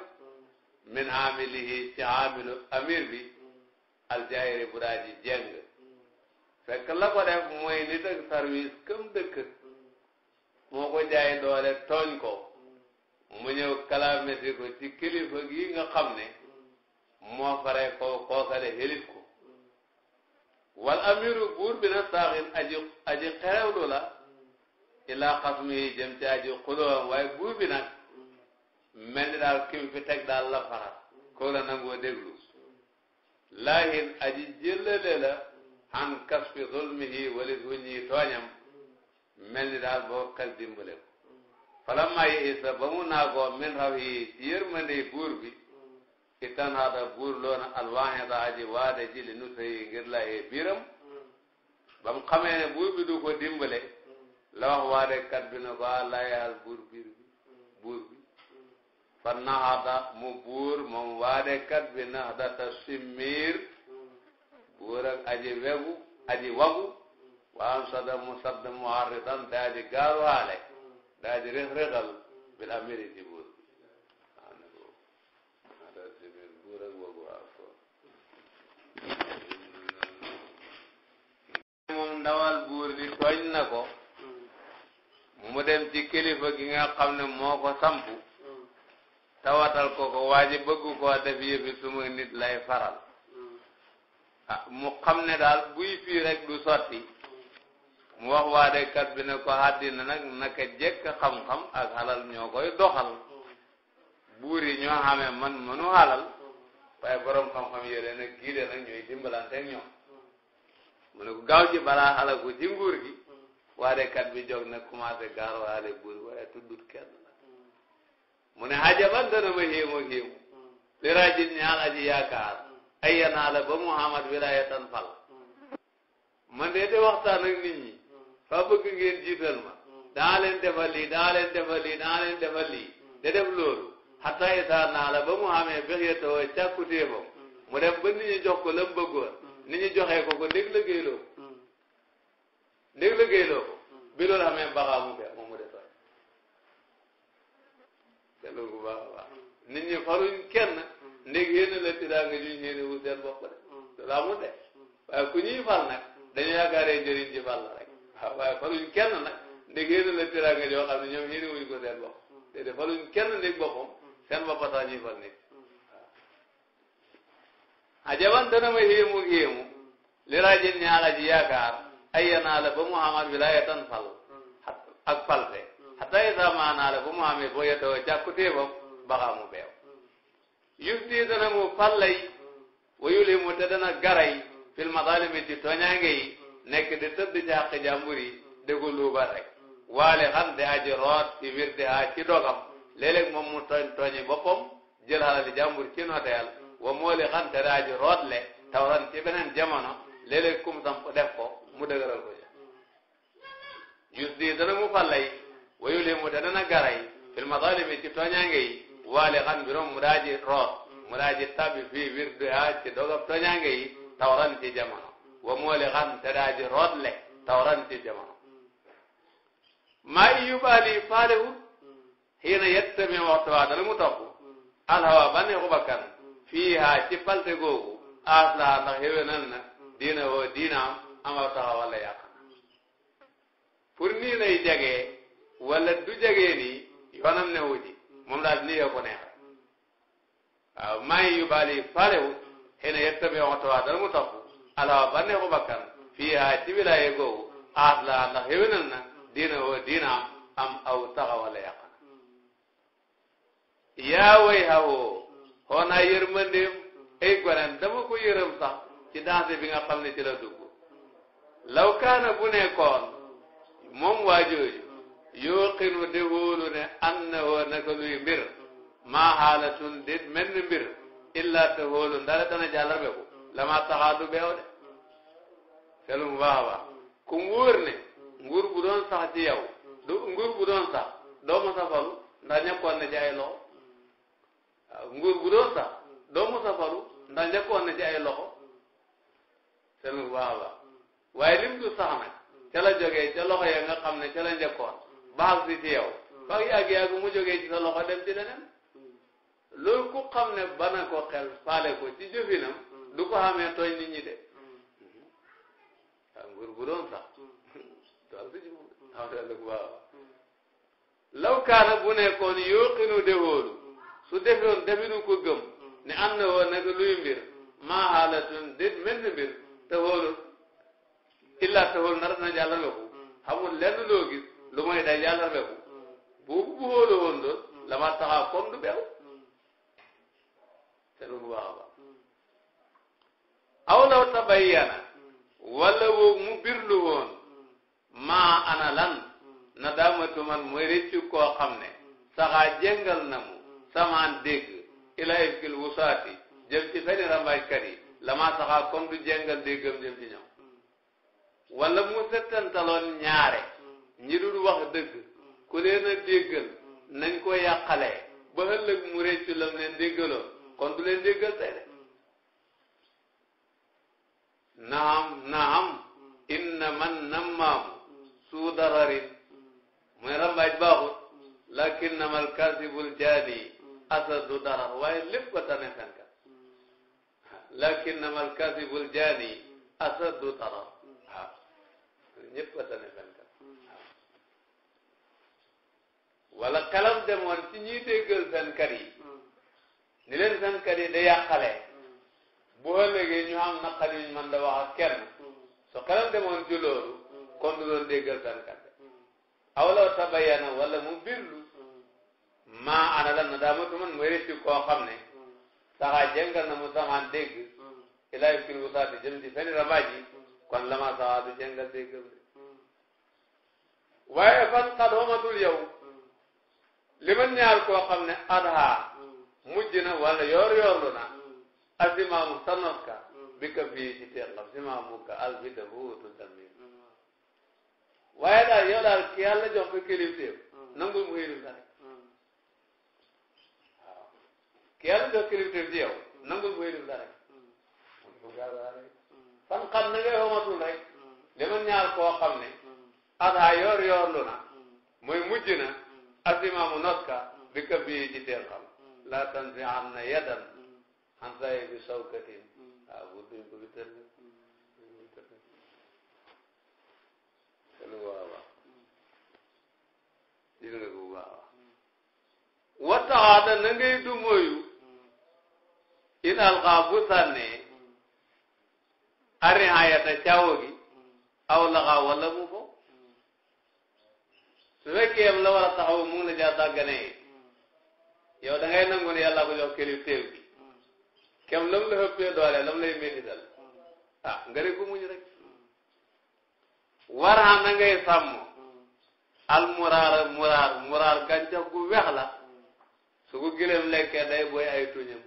min amir bi aljaayiri bu daa jeng fekk la ko def mooy nit ak service këm dëkk moo ko doole tooñ ko mu ñëw kalaamete ko ci kilifa gi nga xam ne moo fare ko kookale xelit ko wal amiru buur bi na saaxin aji aji xerewlu la ilaa xasmi yi jëm ci aji xulowam waaye buur bi nag mel ni daal kim fi teg daal la faral koo la nangoo déglu laahin aji jëllale la an kasfi zulmihi wali suñuy tooñam mel ni daal boo kal dimbale falamma yi isa ba mu naagoo min raw yi ci yërmande buur bi itan haata buur loona alwaaxe da aji waade ji li nu sëyi ngir la yee biiram ba mu xamee ne buur bi du ko dimbale la waade kat bi ne ko a layal buur buur bi fan na mu buur moom waade kat bi na data simmiir buur aji wegu aji wagu waan sada mu sadd mu harritan te aji gaaru daa di rex rexal bil amiri buur waaw ne ak wagu moom ndawal buur bi tooñ na ko mu dem ci kilifa gi nga xam ne moo ko sampu tawatal ko ko waa ji bëgg koo def yëfi suma nit lay faral mm. ah mu xam ne daal buy fii rek du sotti mu wax waadekat bi ne ko àddina nag naka jekk xam-xam ak xalal ñoo koy doxal buur yi ñoo xamee man mënu xalal waaye borom xam-xam yére nag kii de nag ñooy dimbalanteeg ñoom mu ne ko gaaw ji balaa xalaku ci nguur gi waadekat bi jóg nag commencé gaaro xaale buur waaye tuddut kenn mu ne ajaban dana ma xéemu xéemu li rajin ñaal aji yaakaar ay yanaala ba Muhammad wilaayatan fal man de de waxtaan ak nit fa bëgg ngeen jiital ma daa hmm. leen defal lii daa leen defal lii daa leen defal lii da hmm. def loolu xataa hmm. isaa naa la ba mu xamee bex ya tawoo càkkutéefam mu def ba nit ñi jox ko la mu bëggoon nit ñi joxee ko ko ndég liggéeyloo ko ndég liggéeyloo ko bi loolu xamee baxaa mu fee moom mu desoon te loolu bu baax a baax nit ñi faruñ kenn ndég yéen la tidaa nga juñ yéene wu seen bopp de loolu amul de ku ñuy fal nag dañu yaakaaree njëriñ ji fal la rek waaw waaye faluñ kenn nag ndeg mm. yéen la teraanga yoo xam ne ñoom yéene wuñ ko seen bopp mm. déedéet faluñ kenn ndeg boppam mm. seen bopp sax ñuy fal nit waaw ajaban dana ma yéemu ba mu amaat wilaayatan fal ak falte xata isamaanaa la ba mu amee boo yettoo jàkku téebam baxaa mu beew yufti dana mu fallay wayul mu te garay fil mazalimi ci tooñaange yi nekk di tëdd jàq jàmbur yi déglu luubal rek waale xam di aji root ci wir di a ci dogam léeg-léeg mu tooñ tooñi boppam jël alali jàmbur ci noteel wa mooli xam te di aji root le tawran ci beneen jamono léeg kum samp def mu dëgëral ko ja jus di dana mu fallay wayu li mu dana na garay fil madalimi ci tooñaange waale xam biroom root mu daaji tabbi fii wir di a ci dogam tooñaange tawran ci jamono wa moole xam te daa ji rootle tawran ci jamono maa i yubaali faale wut xiina waxtu waa dana mu topp alhawa ba neexu bakkan fiiha ci palte googu aslaa ndax xéwénal na diina woo diinaam ama taxa wala yàq pour nii lay jagee wala du jagee yoonam ne wuji moom daal nii yoo ko neex waaw maa i yubaali faale wut xiina waxtu waa mu topp alawa ba neexu fii haa ci wilaaye googu aat laa ndax xéwénal na diina woo diinaam am aw taxa wala yàq na yaa way hawoo xoonaa yërmandeem ay gonen dama ko yërëm sax ci danse bi nga xam ne ci la dugg law kaana bu nekkoon moom waa jooju yooqinu de wóolu ne an na naka luy mbir maa xaalatun déet menn mbir illa te wóolu ndara dana jàllarbeku lama saxaadu beew de seetlu bu baax a baax ku mu wóor ne nguur bu doon ci yow du nguur bu doon sax doo mos a falu ci ay loxo waaw nguur bu doon sax doo mos a falu ci ay loxo seetlu bu baax waaye lim du sax nag ca la loxo ya nga xam ne ca la njëkkoon baax si ci yow ba yàgg-yàgg mu jógee ci sa loxo dem ci leneen loolu ku xam ne bana ko xel faale ko ci jëfinam du ko xamee tooñ nit ñi de waaw bu doon sax daal si ji moom xam nga dëgg waaw law kaana bu nekkoon yooxinu de wóolu su defoon definu ko gëm ne am na woon nag luy mbir maa xaalatun déet mel ni mbir te wóolu illa te wóolu nar na jàll nga ko xamul lenn loo gis lu mooy day jàll nga ko boobu bu wóolu woon la ma taxaw comme du beew te lu baax a baax aw law tabayyana walla woo mu birlu woon maa ana lan na daamatu man mooy réccu koo xam ne saxaa jéngal na mu samaan dégg ilaa ifkil wusaati jëm ci feni rambaajkat yi lamaa saxaa kon du jéngal déggam jëm ci ñow walla mu settantaloon ñaare ñi dul wax dëgg ku leen a déggal nañ ko yàqalee ba ëllëg mu réccu lam leen déggaloon kon du leen déggal tey de naam naam inna man nammaamu suu dararin mooy rambaaj baaxut lakin namal kasibul jaani asadu darar waaye lépp ko tane fenkat lakin namal kasibul jaani asadu darar waaw ñëpp ko tane fenkat wala xelam demoon ci ñiy déggal fenkat yi ni leen fenkat yi da yàqalee bu ëllëgee ñu am naqar yuñ mën da wax kenn mm-hmm. su xelam demoon ci loolu mm-hmm. kon du doon sankat mm-hmm. aw law tabayana wala mu birlu maa ana na daa ma tuman mooy rëcci koo xam ne saxaa jëngal na mu samaan dégg ilaa yu kin wusaati jëm ci feni rabaaj yi kon lama saxaa du jëngal déggam de waaye fan xat homatul yow li man ñaar koo xam ne adha mujj na wala yoor yoorlu na asimaamu sanof ka bi ka bii ci teqam simaamu ka al bi dafa wutu tamit waaye daal yow daal ki yàlla jox ko kilifteef nangul mu xirim la rek waaw ki yàlla jox kilifteef ci yow nangul mu xirim la rek fan xam na ngay xomatul rek li ma ñaar koo xam ne asaa yoor yoorlu na mooy mujj na asimaamu nos ka bi ka bii ci teqam laa tansi am na yadan hantaye bi sawkatin ah bu duñ ko bi tëdd kenn ko waa baax gis nga ko baax wataxaata na ngay du moyu in alxaa bu sànnee arihayata caawo gi aw laxaa wala mu ko su fekkee yam la war a taxaw mu jaa sàgganee yow da ngay nangu ne yàlla ko jox kilifteef bi kem lam la xëppee doole lam lay métital ah nga ne ko muñ rek war na ngay sàmm al muraar muraar muraar gàncax gu weex la su ko gileem lekkee day booy ay tuñam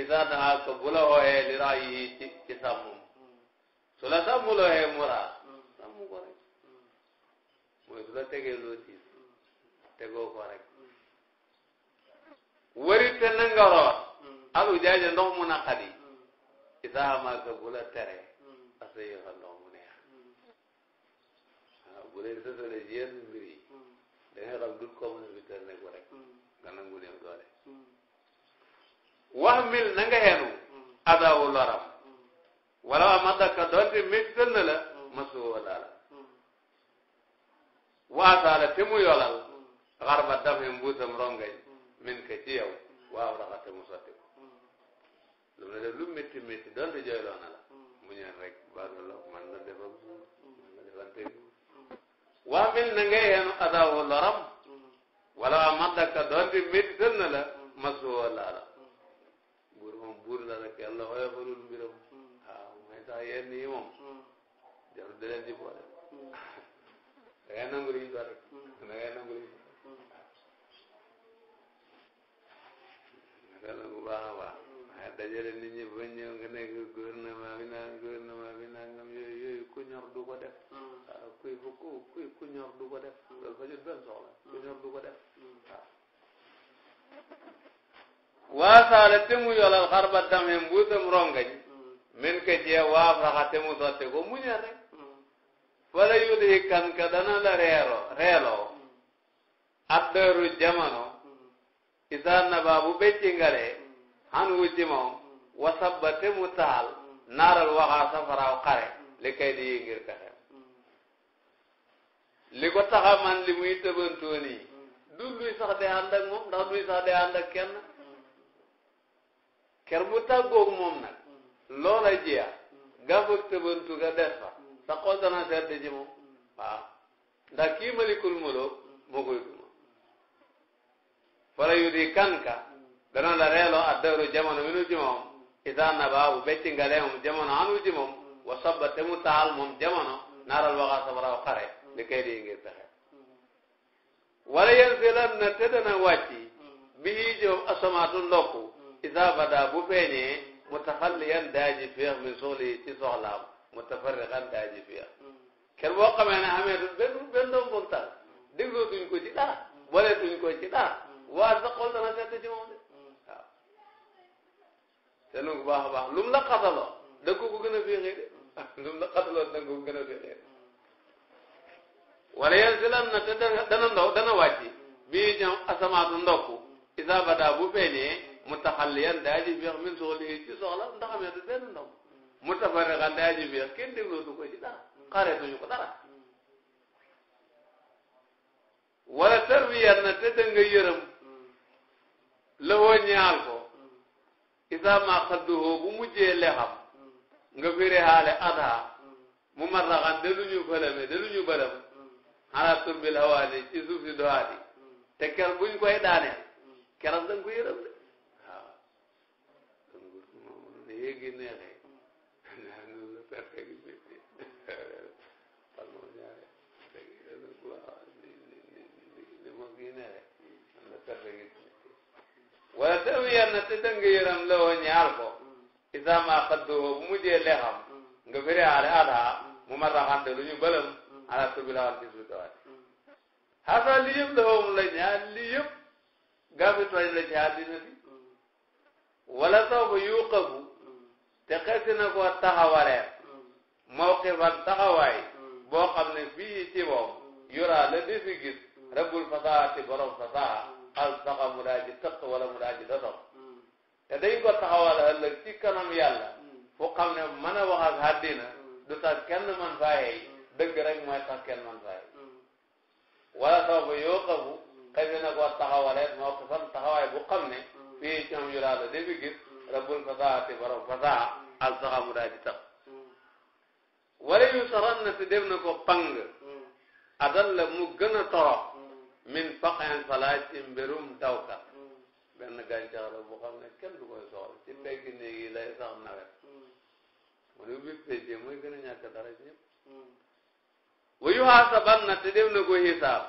isaataxaa ko bu la xooyee li yi ci ci sàmmum su la sàmmuloo xee muraar sàmm ko rek mooy su loo tiis tegoo ko rek wari te na nga root alu jaaja ndox mu naqadi isaa maaka bu la tere asa yëfa ndox mu neex waaw bu leen sësale ci yenn mbir yi da nga xam dul communicateur ne ko rek nga nangu leen doole wax mil na nga xenu adawu loram wala waa ma dakka doonte méttal na la masuwa laala waasaala te mu yolal xar ba dafee mbuusam rongañ min ka ci yow waaw raxate mu sotti lu mu def lu métti métti donte jooyloo na la hmm. mu ñëw rek baadolo man la man la hmm. defante buur waa mil na ngay yenu adaawu loram hmm. wala waa maddaka donte métti tal na la masuwoo laala buur moom buur la rek yàlla oyofalul mbiram waaw ah, mooy tax yenn yi moom jarul di leen di boole da ngay nangu li ñu doon rek da ngay nangu li ñu doon ah. da ngay nangu baax a baax dajale nit ñi ba ñëw nga nekk gouvernement bi naan gouvernement bi nangam yooyu yooyu ku ñor du ko ku kuy ku ñor du ko def. loolu fajul benn soxla. ku ñor du ko def. waaw. waasaale te mu yolal xar ba tamit ka jee waaf te mu sotti yu di ka dana la reero reeloo. addeeru jamono. Mm. isaan na baabu becci ngalee. xan wu ci moom mu taal naaral waxaa safaraaw xare li kay di yi ngir pexe li ko taxa man li muy tëbantoo nii du luy sax dee ànd ak moom ndax luy sax dee ànd ak kenn ker bu tàggoog moom nag loola jiya gàfag tëbantu ga des fa sa xol dana sedd ci moom waaw ndax kii malikul muloo moo koy duma fara yu di kanka dana la reeloo ak dawru jamono minu ji moom isaan na baabu becci ngalee anu ji wa sabba te mu taal moom jamono naaral waxaa sabaraw li kay di ngir pexe wala yéen silan na te dana wàcci bi hii joom asamaatu ndokku isaa bada bu feeñee mutaxalliyan daaji féex min soxli ci soxlaam mutafarriqan daaji féex kenn boo xamee ne amee du benn benn ko ci dara boole duñ ko ci dara waa sa xol dana sett ci te nu baax la xataloo da nga ko de lu la xataloo da nga ko de wala yéen si lan na te dana ndaw dana wàcci bii jam asamaatu ndokku isa bada bu feeñee mu taxal yan min soxli ci soxla ndax amee du benn ndaw mu tafarixan daa ji féex kenn dégloo ko ci dara xareetuñu ko dara wala tarwiyan na te da nga la woo ñaal ko isa ma xadduhoo bu mujjee lexam nga firi xaale adha mu marraxan da lu ñu bëlame da lu ñu bëlam xanaa turbil hawaali ci suuf si te ker buñ koy daaneel keroog da nga ko de waaw kon nguur moom ne yéegi neexee wala tarwiyan na te danga yëram la woo ñaar ko isaama xaddoo bu mujjee lexam nga firi ale adha mu ma raxante lu ñu bëlam ala tubilawal ci suuf dawaat xasa li yëpp la woom la ñaar li yëpp gafi tooñ la ci àddina bi wala saw ba yuuqabu te xesi na koo taxawareer mawqifan taxawaay boo xam ne fii ci moom yuraa la defi gis rabbul fasaati borom fasaha alsaxa mu daa ji tëq wala mu daa ji dotox hmm. te dañ ko taxawal ëllëg ci kanam yàlla fu hmm. ne mën a wax ak hmm. du tax man faa yey dëgg rek mooy tax man faa yey wala sababu yoo xamu xëy na koo taxawalee moo ko fan taxawaay bu ne fii ci am yu daal dafi gis rabbul fasaati borom fasaa alsaxa mu daa ji wala yu saran na si dem na ko pang adal la mu gën a min faqen falaaj ci mbirum tawkat benn gàncax la bu xam ne kenn du koy soxla ci pegg néeg yi lay sax nawet mu ne bi pécce mooy gën a ñàkk dara ci ñëpp wa yu xaasaban na te def na ko xisaab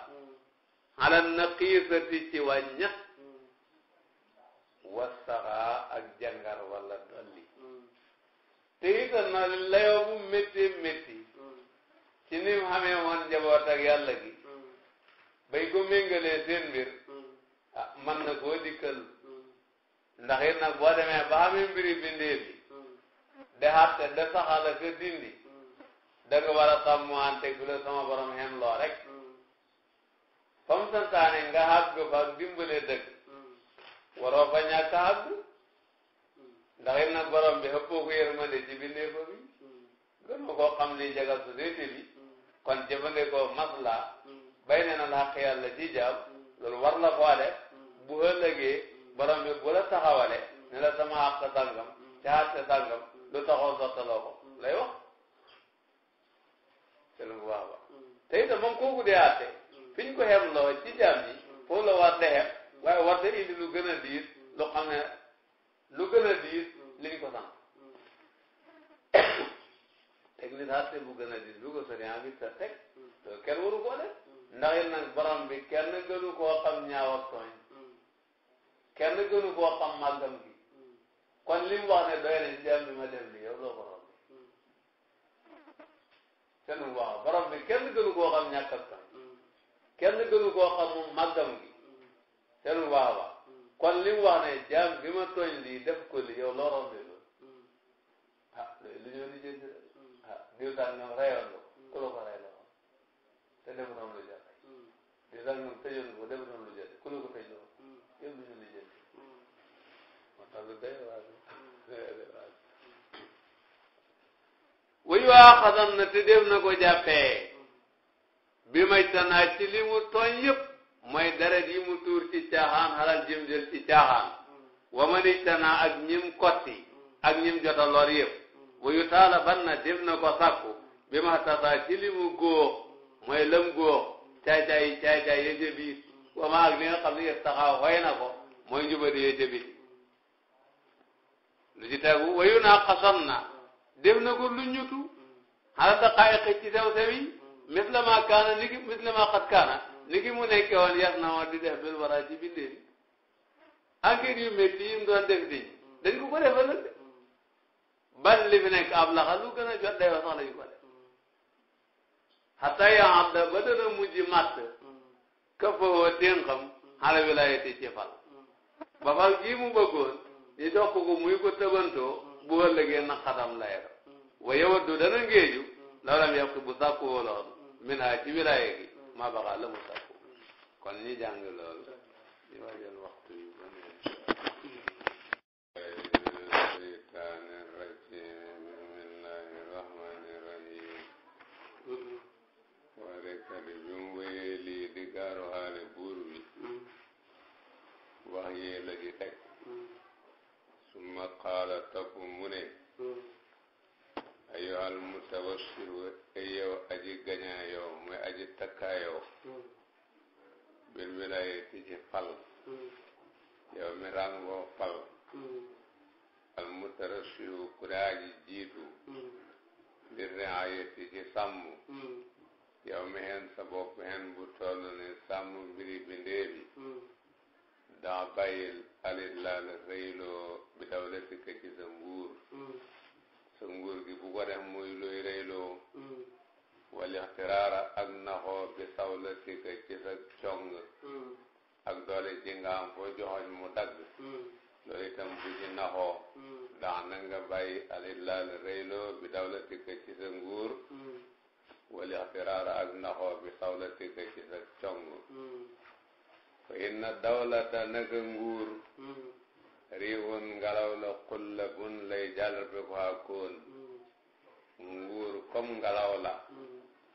ala naqiisati ci wàñña wasaxaa ak jàngar wala dolli te itam na layoo bu métti métti ci ni mu xamee woon njaboot ak yàlla léegi nag boo demee ba amee mbiri bindee bi de xatte de saxal ak dindi da nga war a sàmmante gu la sama borom xen loo rek fa mu nga xàgg fa dimbale dëgg waroo fa ñàkk a xàgg ndax it bi xëppoo ko yërmande ci bindee ko bi gën ma koo xam li jagal société bi kon jëfandikoo masla bay ne na la xaq yàlla ci jaam loolu war la koo bu ëllëgee borom bi bu la taxawale ne la sama àq sàngam te àq sàngam lu taxaw sottaloo ko lay wax te lu bu baax ba te itam moom kooku dee àtte ci jaam yi foofu la war de xem war de indi lu gën a diis lu xam ne lu gën a diis ko sant technique àtte bu gën a diis lu ko sëriñ bi sa teg loolu kenn waru koo def ndax it nag borom bi kenn gënu koo xam ñaaw ak tooñ kenn gënu koo xam màggam gi kon li mu wax ne doy na ci jaam bi ma def li yow loo ko romb seen wax borom bi kenn gënu koo xam ñàkkam tam kenn gënu koo xam moom màggam gi seen wax ba kon li mu wax ne jaam bi ma tooñ lii def ko li yow loo romb loolu ah loolu lu ñoo lijjanti rek ah diw sàngam reyoon ko ku la ko rey la woon te defutoon lu jot diw sàngam tëjoon ko defutoon lu jot ku la ko tëj la woon kenn duñu lijjanti moo tax lu doy waar wuy na te na ko jàppee bi may tanaaj ci li mu tooñ yëpp mooy deret yi mu tuur ci caaxaan xalal jëm jël ci caaxaan mm. wamani tanaa ak ñim kotti mm. ak ñim jota lor yëpp mm. wuyu taala ban na def na ko sàkku bi ma tasaa ci li mu góox mooy lëm góox caay-caay yi wama ak li nga xam ne yëpp taxaw na ko mooy njubadi yee ca biti lu ci tegu wayu naa xason na def na ko lu ñutu xanaa sa xaay xëcc ci sew sew yi ma kaana ni ki misla ma xat kaana ni mu nekke woon yar na woon di def bil wara ci bindee bi enquête yu métti yi mu doon def di dañ ko ko defal de bal li fi nekk ab laxa lu gën a jot day wax sax lañu ko def xataa yaa am da ba dana mujj màtt këpp woo ténxam xale wilaayati ci fal ba fal gii mu bëggoon ñu jox ko muy ko tëbantoo bu ëllëgee na xatam lay ra wa yawaddu dana ngéeju loolam yàq bu sàkku wooloon minaa ci wilaaya gi maa baxaa la mu sàkku kon ñi jàng loolu qaala topp mu ne ayyuhal mutawassir yow aji gañaa yow mooy aji takkaa bil wilaayati ci fal yow mi ràngoo fal al mutarassir ku ne jiitu li riayati ci sàmm yow mi hen sa bopp hen ni sàmm mbiri bindee bi alit laa la reyloo bi daw la sikka ci sa nguur hmm. sa nguur gi bu ko def muy luy reyloo hmm. wal ixtiraara ak naxoo bi saw la sikka ci sa cong hmm. ak doole ji am foo joxoñ mu dagg loolu itam bu ci naxoo na nga bàyyi alit laa la reyloo bi daw la sikka ci sa nguur wal ixtiraara ak naxoo bi saw la sikka ci sa cong fa inna dawlata naka nguur riihun ngelaw la xullabun lay jàllarbe ko haa koon nguur comme ngelaw la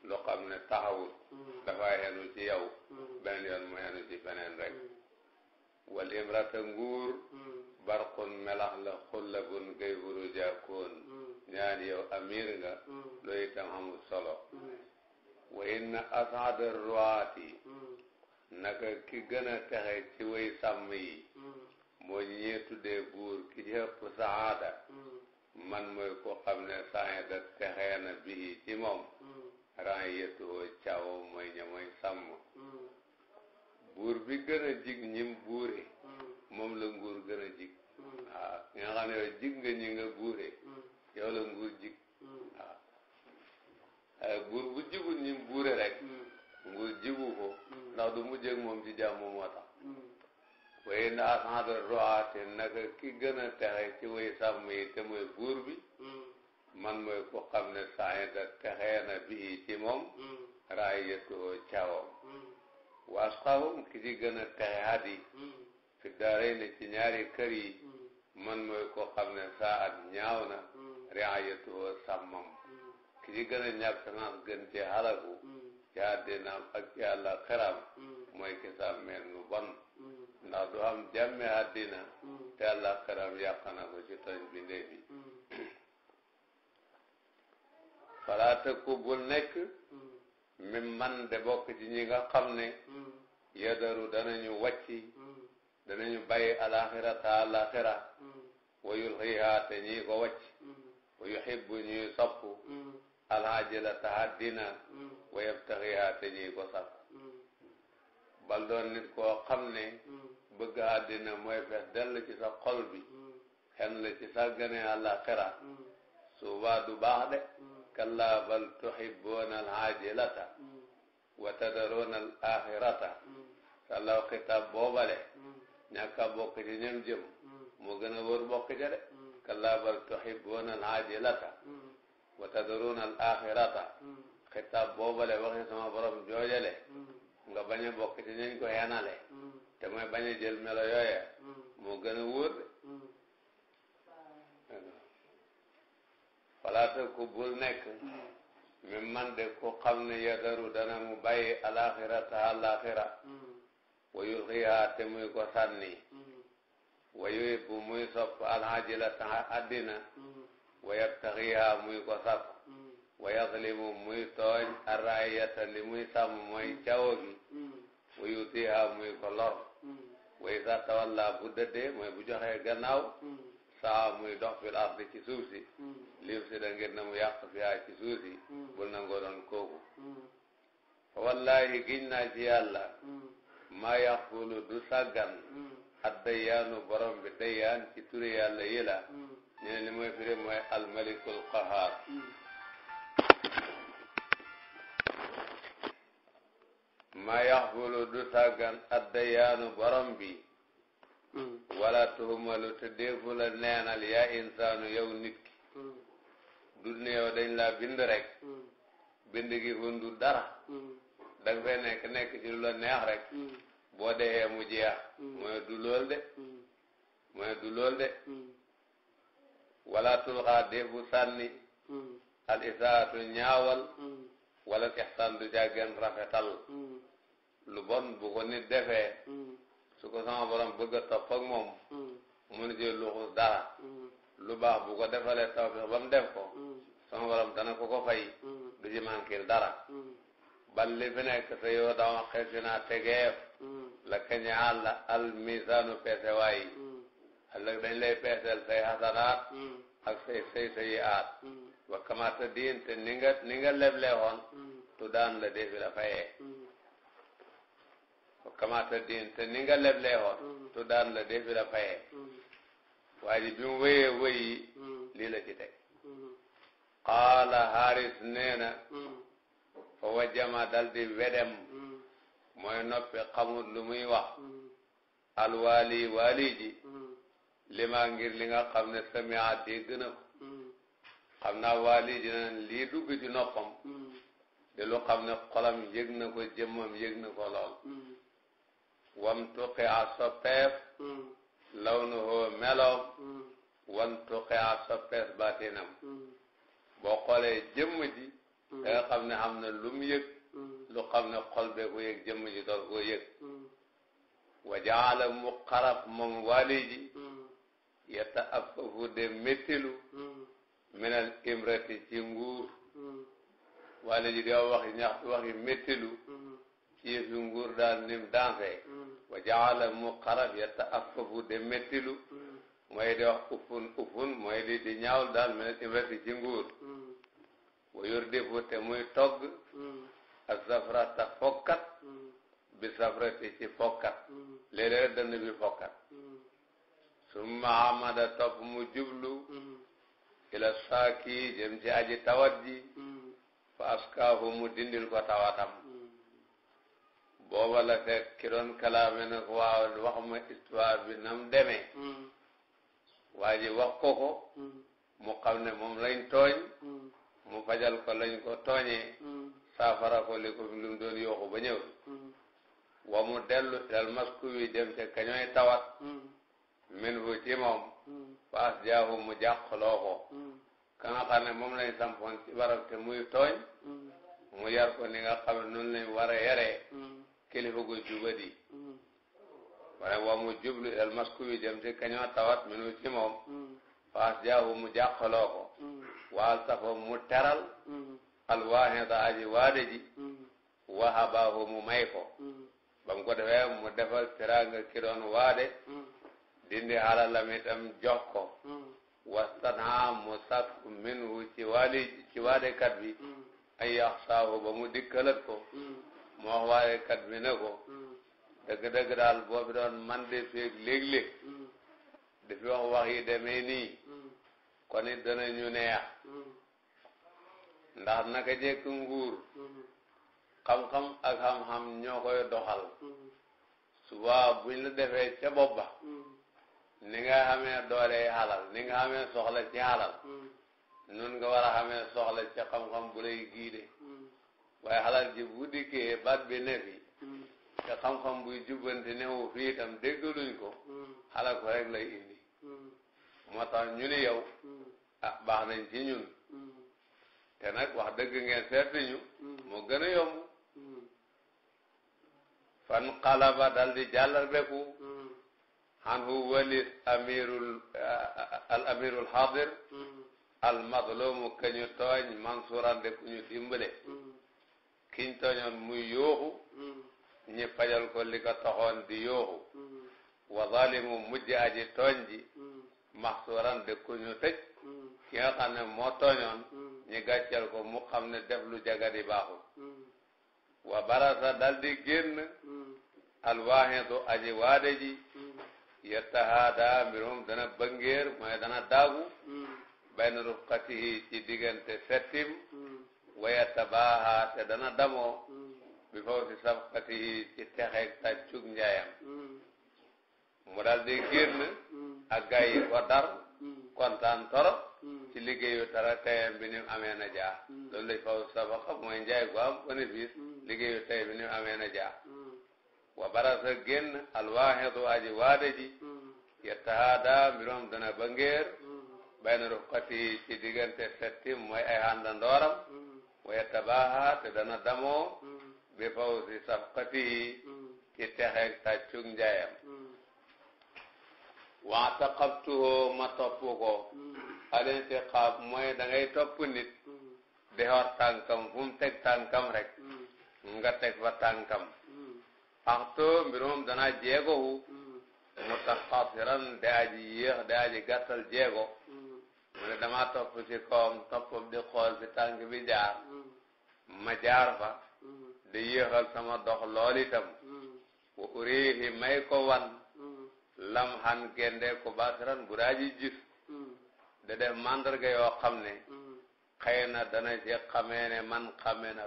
lu xam ne taxawut dafa xenu ci yow benn yoon mu xenu ci feneen rek wal imrata nguur barqun melax la xullabun gay buruja koon ñaan yow amir nga loolu itam amul solo wa inna asaada ruwaati naka ki gën a texe ci way sàmm yi mm. mooy ñee tuddee buur ki ci ëpp saada mm. man mooy ko xam ne saada texee na bii ci moom mm. ran yetuwoo caw mooy ña mooy sàmm buur bi gën a jig ñim buure moom la nguur gën a jig waaw nga xam ne yow jig nga ñi nga buure yow la nguur jig waaw euh, buur bu jigul ñim buure rek nguur jibu ko mm. ndax du mujjee moom ci jàmm moo tax mm. waaye naa xandal roxaate naka ki gën a texe ci way sàmm yi te mooy buur bi mm. man mooy ku xam ne sànni da texee na bii ci moom raay yëtoo caawam waas ki ci gën a texe at fi daaray ne ci ñaari kër yi man mooy ko xam ne saa at ñaaw na raay yëtoo ki ci gën a ñàkk sens gën ci xalaku ci àddinaam ak ci àllaaxiraam mm. mooy kisaab meen lu bon mm. ndax du am jàmme àddina mm. te àllaaxiraam yàq ko ci tooñ bi léegi falaata ku bul nekk mi man de bokk ci ñi nga xam ne yadaru danañu wàcci danañu bàyyi àllaaxira ta àllaaxira wayul te ñii ko wàcc wayu xibbu ñuy sopp alhajila tahaddina wa yabtaxiha te ñuy ko sax bal doon nit koo xam ne bëgg àddina mooy fees dell ci sa xol bi xen la ci sàggane àllaaxira suubaa du baax de kallaa bal tuhibbuuna alhajilata wa tadaruuna alaaxirata sa law xitaab boobale ñàkk a bokk jëm moo gën a wóor bokk ca de kallaa bal tuhibbuuna alhajilata wa tadaruuna al axirata mm. xitaab boobale waxi sama borom joojale mm. nga bañ a bokk ci ñañ ko mm. te mooy bañ a jël melo yooya moo gën a wóor falaata ku bul nekk man de ku xam ne yadaru dana mu bàyyi alaxirata alaxira wa yulxiha te muy ko sànni wa yuhibbu muy sopp alhajilata addina wa yabtaxiha muy ko sàkku wa muy tooñ arraayata li muy sàmm mooy cawo gi wa muy ko lor wa isa tawalla bu dëddee mooy bu joxee gannaaw saa muy dox fil ardi ci suuf si liif si na mu yàq fi ci suuf bul nangoo doon kooku fa wallahi giñ naa ci yàlla maa yaxulu du sàggan ad borom bi dayyaan ci turi yàlla yi ñu ne li mooy firi mooy almalikul qahaar ma yaxbulu du sàggan addayaanu borom bi wala tuhumalu te déefu la neenal yaa insaanu yow nit ki du ne yow dañ laa bind rek bind gi hundu dara danga fay nekk nekk ci lu la neex rek boo dee mu jeex mooy du lool de mooy du lool de wala tulxaa deefu sànni hmm. al isaatu ñaawal hmm. wala ixsaan du jàggen rafetal hmm. lu bon bu ko nit defee su ko sama borom bëgg a topp ak moom mu ne jël luxus dara lu baax bu ko defalee tawfiq ba mu def ko sama borom dana ko ko fay du ci manquil dara bal fi nekk te yow dama xeesu naa tegeef la kañaal al misaanu peese ëllëg dañ lay peeseel say xasanaat ak say say sayi aat mm. wa kamata diin te ni nga mm. tu daan la defi la mm. wa kamata diin te ni nga tu daan la defi la fayee waa ji bi ci teg qaala haris nee fa wajama dal wedem mooy noppi xamul lu muy wax waali ji li maa ngir li nga xam ne samiat dégg na ko mm. xam naa waa lii dinañ lii dugg ci mm. lu xam ne xolam yëg na ko jëmmam yëg na ko lool mm. wam tuqi a soppeef law nu hoo meloom wam tuqi a soppeef baatinam boo xoolee jëmm ji da nga xam ne am na lu mu yëg lu xam ne xol ko yëg jëmm ji dool yëg wa mu xaraf moom waali yetta ab foofu de méttilu hmm. minal imrati ci nguur hmm. wala ji doo waxi waxi méttilu hmm. ci yëfi nguur daal nim danse wa mu xarab yetta ab foofu de méttilu mooy di wax ufun ufun mooy di di ñaawul daal minal imrati ci nguur wa yor defu te muy togg ak safrata fokkat bi safrati ci fokkat léeg-léeg dana bi fokkat summa amada topp mu jublu mm-hmm. ila saaki jëm ci aji tawat ji mm-hmm. fa askaahu mu dindil ko tawatam mm-hmm. booba la fekk ki doon kalaame nag wax ma histoire bi nam demee waa ji wax ko ko mu xam ne moom lañ tooñ mu fajal ko lañ ko tooñee saafara ko li ko fi lu doon yooxu ba ñëw wa mu dellu tel masku wi jëm ca tawat min hu ci moom paas hmm. mu jàqloo ko hmm. ka nga xam ne moom lañ sampoon ci barab te muy tooñ hmm. mu yar ko ni nga xam ne noonu lañ war a yaree gu jubadi wala waa mu jublu el masku bi jëm ci kañoo tawat min hu ci moom paas mu jàqloo ko waal safo mu teral alwaxeda aji waade ji wahabaahu mu may ko ba mu ko defee mu defal teraanga ki doon waade dindi alalam itam jox ko hmm. wastanaa mu sakku minhu ci waali ci waadekat bi hmm. ay yaxsaahu ba mu dikkalat ko hmm. mu wax waadekat bi ne ko dëgg-dëgg daal boo fi doon man de feeg léeg-léeg dafi wax wax yi deme nii kon it danañu neex ndax naka jekk nguur xam-xam ak xam-xam ñoo koy doxal suba buñ la defee ca bopp ba ni nga xamee doole yi xalal ni nga xamee soxla ci xalal hmm. nun nga war a xamee soxla ci xam-xam bu lay giide hmm. waaye xalal ji bu dikkee baat bi ne fi hmm. te xam-xam buy jubbanti newu fii itam déggaluñ ko xalal ko rek lay indi moo tax ñu ni yow ah baax nañ ci ñun te nag wax dëgg ngeen seeti ñu moo gën a yomb fan xalaba dal di jàllarbeku anhu walis amirul eh, al amirul hadir mm. al mazlumu ka ñu tooñ mansuran de ku ñu mm. kiñ tooñoon muy yooxu mm. ñi fajal ko li ko toxoon di yooxu wa zalimu mujj aji tooñ ji mahsuran de ku ñu tëj ki moo tooñoon ñi gàccal ko mu xam ne def lu jagadi baaxul wa barasa dal di génn alwaxidu aji waade yatahaada mbirum dana bëngeer mooy dana daagu bayna rufqatihi ci diggante settim waya tabaaha te dana damoo bi faw si safqatihi ci texeeg tàccug njaayam mu daal di génn ak gaa dar kontaan torop ci liggéeyu tara tayam bi ni mu amee na jaa loolu lañ faw safaqa mooy njaay gu am bénéfice liggéeyu tay bi ni amee na jaa waa barasa génn alwaaxidu aji waade ji mm. yettahaada mbiroom dana bangeer mm. bayna ruqati ci diggante settim mooy ay àndandooram mm. wa yettabaaha te dana damoo bi fawzi safqatihi ci texeeg tàccug njaayam wa taqabtuhu ma topp ko al intiqaab mooy da ngay topp nit di xor tànkam fu mu teg tànkam fa tànkam axto mbirum dana jeegowu mutaxasiran mm. de aji yéex de aji gàttal jeego mm. mu ne dama topp ci kawam topp di xool fi tànk bi jaar mm. ma jaar fa di yéexal sama dox lool itam wa urihi may ko wan lam xan ko basiran bu daa ji gis da def mandarga yoo xam ne xëy na dana ci xamee man xamee na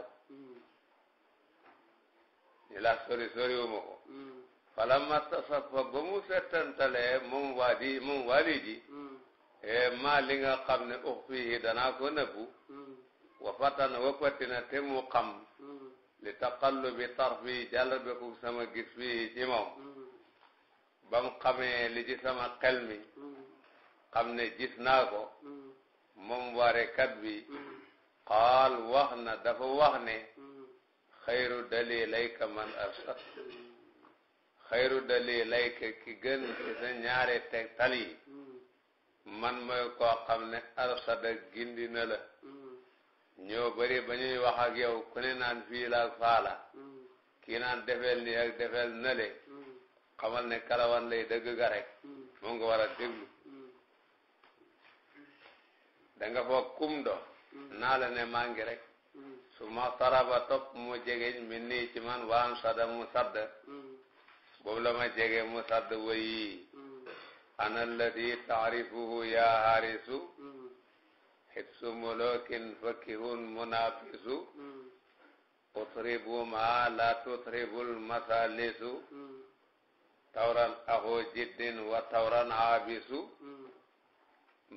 ñu la sori sori wu ma ko hmm. fala masta safa ba mu settantalee moom waadi moom waadi hmm. e li nga xam ne ux fii danaa ko nëbbu hmm. wa fatana wappatina te mu xam li taqallubi tarfi jàllat beku sama gis fii ci moom ba mu xamee li ci sama xel mi xam ne gis naa ko moom bi xaal wax na dafa wax ne xayru dalilayka man arsat xayru dalilayka ki gën ci sa ñaari tegtal yi man mooy koo xam ne arsada gindi na la ñoo bëri ba ñuy wax ak yow ku ne naan fii la ak faala kii naan defeel nii ak defeel nale xamal ne kalawan lay dëgg ga rek mu nga war a déglu da kum do naa la ne maa rek suma taraba topp mu jegeñ mi nii ci man waan sada mu sadd mm. boobu la ma jege mu sadd wayi mm. ana alladi taarifuhu yaa harisu xibsu mm. molokin fakihun munafisu utribu maa la tutribul masalisu tawran axu jiddin wa tawran aabisu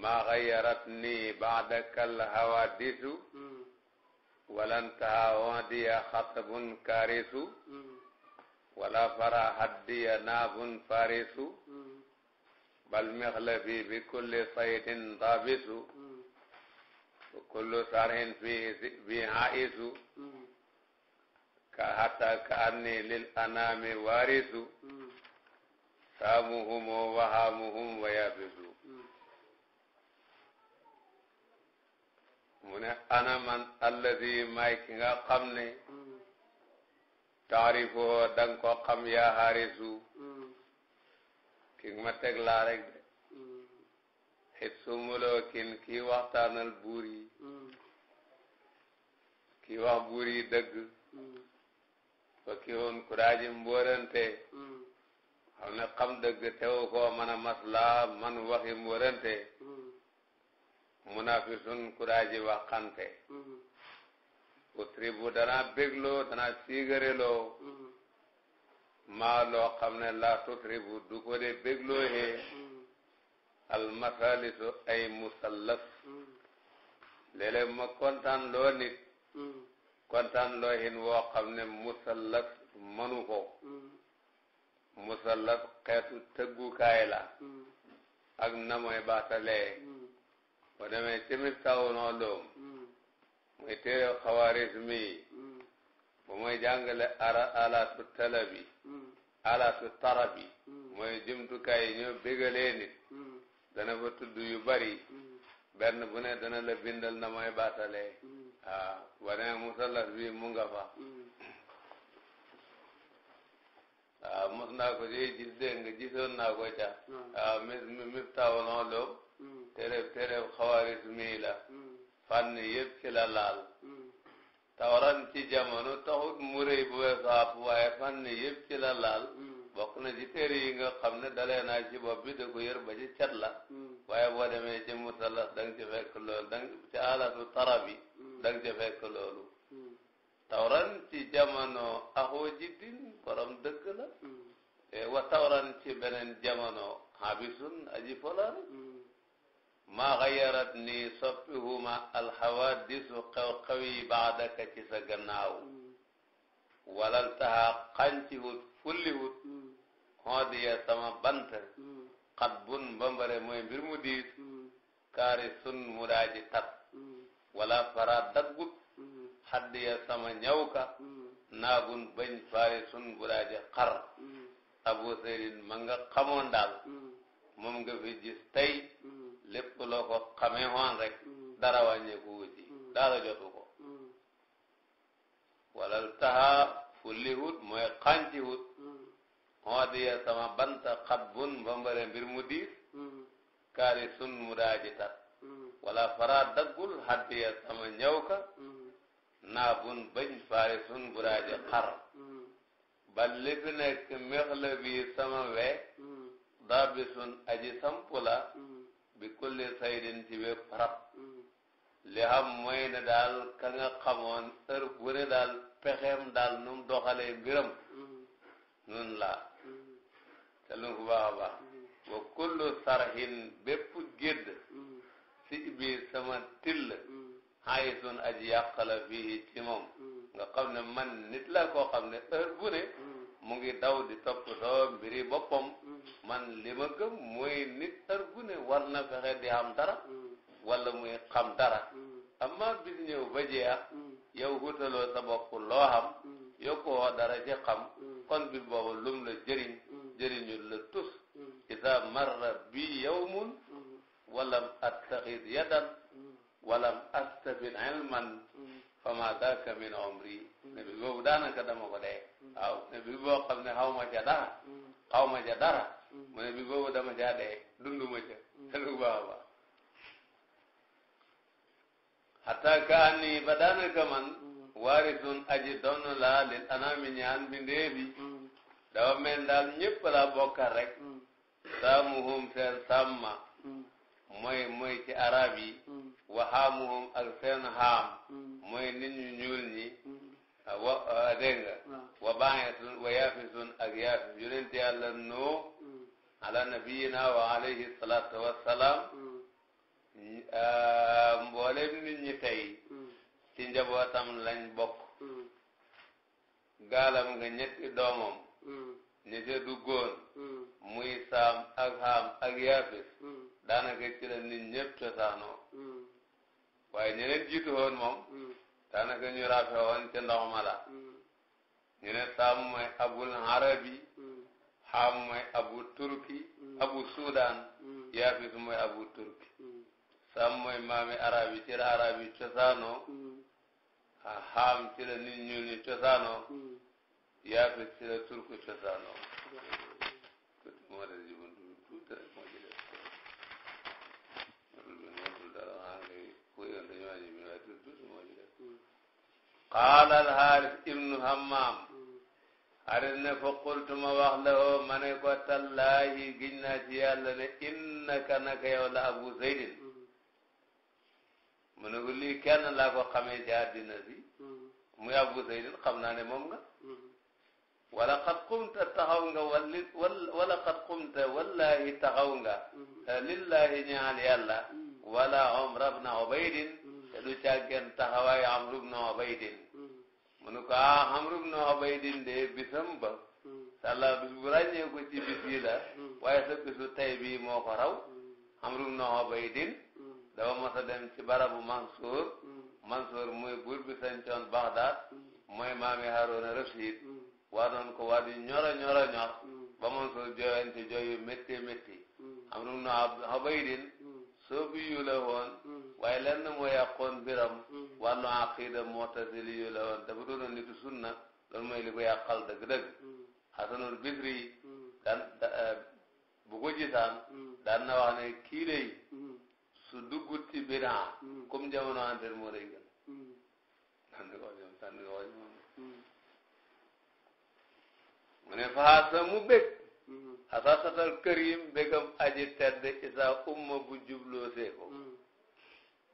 maa xayarat nii baadakal hawadisu walantaha wadiya xatabun kaarisu hmm. wala fara haddiya naabun farisu hmm. bal mixlabi bi kulli saydin dabisu hmm. kullu sarhin fihi bi haisu ka hatta ka anni lil anami warisu saamuhum wa wahamuhum wa yabisu mu ne ana man alladi may ki nga xam ne taarifu danga ko xam yaa xaarisu ki ma teg laa rek de xit sumuloo kin kii waxtaanal buur yi kii wax buur yi dëgg fa ki woon kuraaji mbóorante xam ne xam dëgg teewu koo mën a maslaa man waxi mbóorante munafisun kuraaji waxante mm-hmm. utribu dana bégloo dana siigareloo mm-hmm. maa loo xam ne la tutribu du ko de bégloo hee mm-hmm. almasalisu ay musallas léeg ma kontaan loo nit kontaan loo hin woo xam ne musallas mënu ko musallas xeetu tëggukaay la ak na mooy baatalee boo demee ci Miftahul Ulum muy téere Xawaarismi yi bu muy jàngale ara alaatu talabi alaatu tarabi mooy jumtukaay yi ñoo bégalee nit dana fa tudd yu bari benn bu ne dana la bindal na mooy baatalee waaw boo musallas bi mu fa waaw mos naa ko ci gis dégg nga gisoon naa ko ca waaw mi Miftahul Ulum téréb téréb xawaris mii la mm. fànn ci la laal mm. tawran ci jamono taxut mu rëy bu weesu àpp waaye fànn yëpp ci la laal mm. bokk na ci téere yi nga xam ne dale naa ci bopp bi da ko yër ba ci cat la waaye boo demee ci musalas da nga ci fekk loolu da nga ci alatu tarabi da nga ci fekk loolu tawran ci jamono axoo jiddin borom dëkk la eh, wa tawran ci beneen jamono habisun aji fola rek maa xayarat nii soppihuma alxawadisu xew-xew yi baadaka ci sa gannaaw walal taxaa xanciwut fulliwut xoodiya sama bant xat bun mbambare mooy mbir mu diis kaari sun mu daaji tat wala fara daggut xaddiya sama ñawka naabun bañ faari sun bu daaji xar abu seydin ma nga xamoon daal moom nga fi gis tey lépp loo ko xamee woon rek mm. dara wàññeeku wuti mm. dara jotu ko mm. walal taxa fulli wut mooy xànci wut moo di sama banta xat bun bambare mbir mu diis kaari sun wala fara daggul haddiya sama ñëw ka bun bañ faari sun bu daaji xar ba bi sama we daa aji sampula bi kulli saydin ci bépp li xam mooy daal ka nga xamoon heure daal pexeem daal nu mu mbiram nun la te lu ko baax a baax wa kullu sarhin bépp gédd si sama till xaayi sun aji yàqala fii ci nga xam ne man nit la koo xam ne heure bu mu ngi daw di toppatoo mbiri boppam man li ma gëm mooy nit tar gu war na fexe di am dara mm. wala muy xam dara mm. amma bis ñëw ba jeex mm. yow wutaloo sa bopp loo xam dara ci xam kon bis boobu lum la jëriñ jëriñul la tus ida marra bi yawmun walam attaxid yadan walam astafid ilman fama daka min omri ne bi boobu daanaka dama boo xam ne xaw ma ca dara xaw ma ca dara mu bi boobu dama caa dee dunduma ca te mm. lu baax a baax xataa kaan nii ba daanaka mm. aji donn laa lil anaami ñaan bindéef yi mm. dafa mel daal ñëpp laa bokkal rek saamuhum seen sàmma mooy mooy ci arab yi wa xaamuhum ak seen xaam mooy nit ñu ñuul ñi ah, wa ah, dégg nga wa baaxesun wa yaafisun ak yaafis yonent yàlla noo ala nabiyina wa alayhi salaatu wa salaam nit ñi tey ci njabootam lañ bokk gaalam nga ñetti doomam ñi duggoon muy saam ak haam ak yaafis daanaka ci la nit ñëpp cosaanoo waaye ñu leen jiitu woon moom daanaka ñu raafe woon ca ndox ma la ñu ne abul harabi xaam mooy abu turki mm. abu sudan mm. yaafis mooy abu turki mm. sam mooy maami arab yi ci la arab yi cosaanoo xaam ci la nit ñuul ñi cosaanoo yaafis ci la turki cosaanoo qaala al haaris ibnu hammaam xarit ne fa qultu ma wax la oo ma ne ko tallaahi giñ naa ci yàlla ne innaka naka yow la abu zaydin mu ne ko lii kenn laa ko xamee ci àddina si muy abu zaydin xam naa ne moom nga wala xat xumta taxaw wallahi taxaw lillahi ñaal yàlla wala omra bna obaydin te du càggeen taxawaay amru bna obaydin mu ne ko ah Amru ibn Ubaydin de bisam ba sàlla bis bu ràññee ko ci bis la waaye sa bisu tey bii moo ko raw Amru ibn Ubaydin dafa mos a dem ci barabu Mansour Mansour muy buur bi sancoon Baghdad mooy maami Haruna Rashid waa doon ko waa ñoro ñoro ñor ba Mansour jooyante jooyu métti métti Amru ibn Ubaydin soo bi yu la woon waaye lenn moo yàqoon biram wàllu aqida mutazili yu la woon dafa doonoon nitu sunna loolu mooy li ko yàqal dëgg-dëgg xasanul mm. bisri yi mm. daan eh, bu ko mm. wax ne kii su duggut ci bidaa comme jamono antel moo lay gën tànn ko ñoom tànn mu ne faasa mu karim bégam aji tedd isa umma bu jubloo see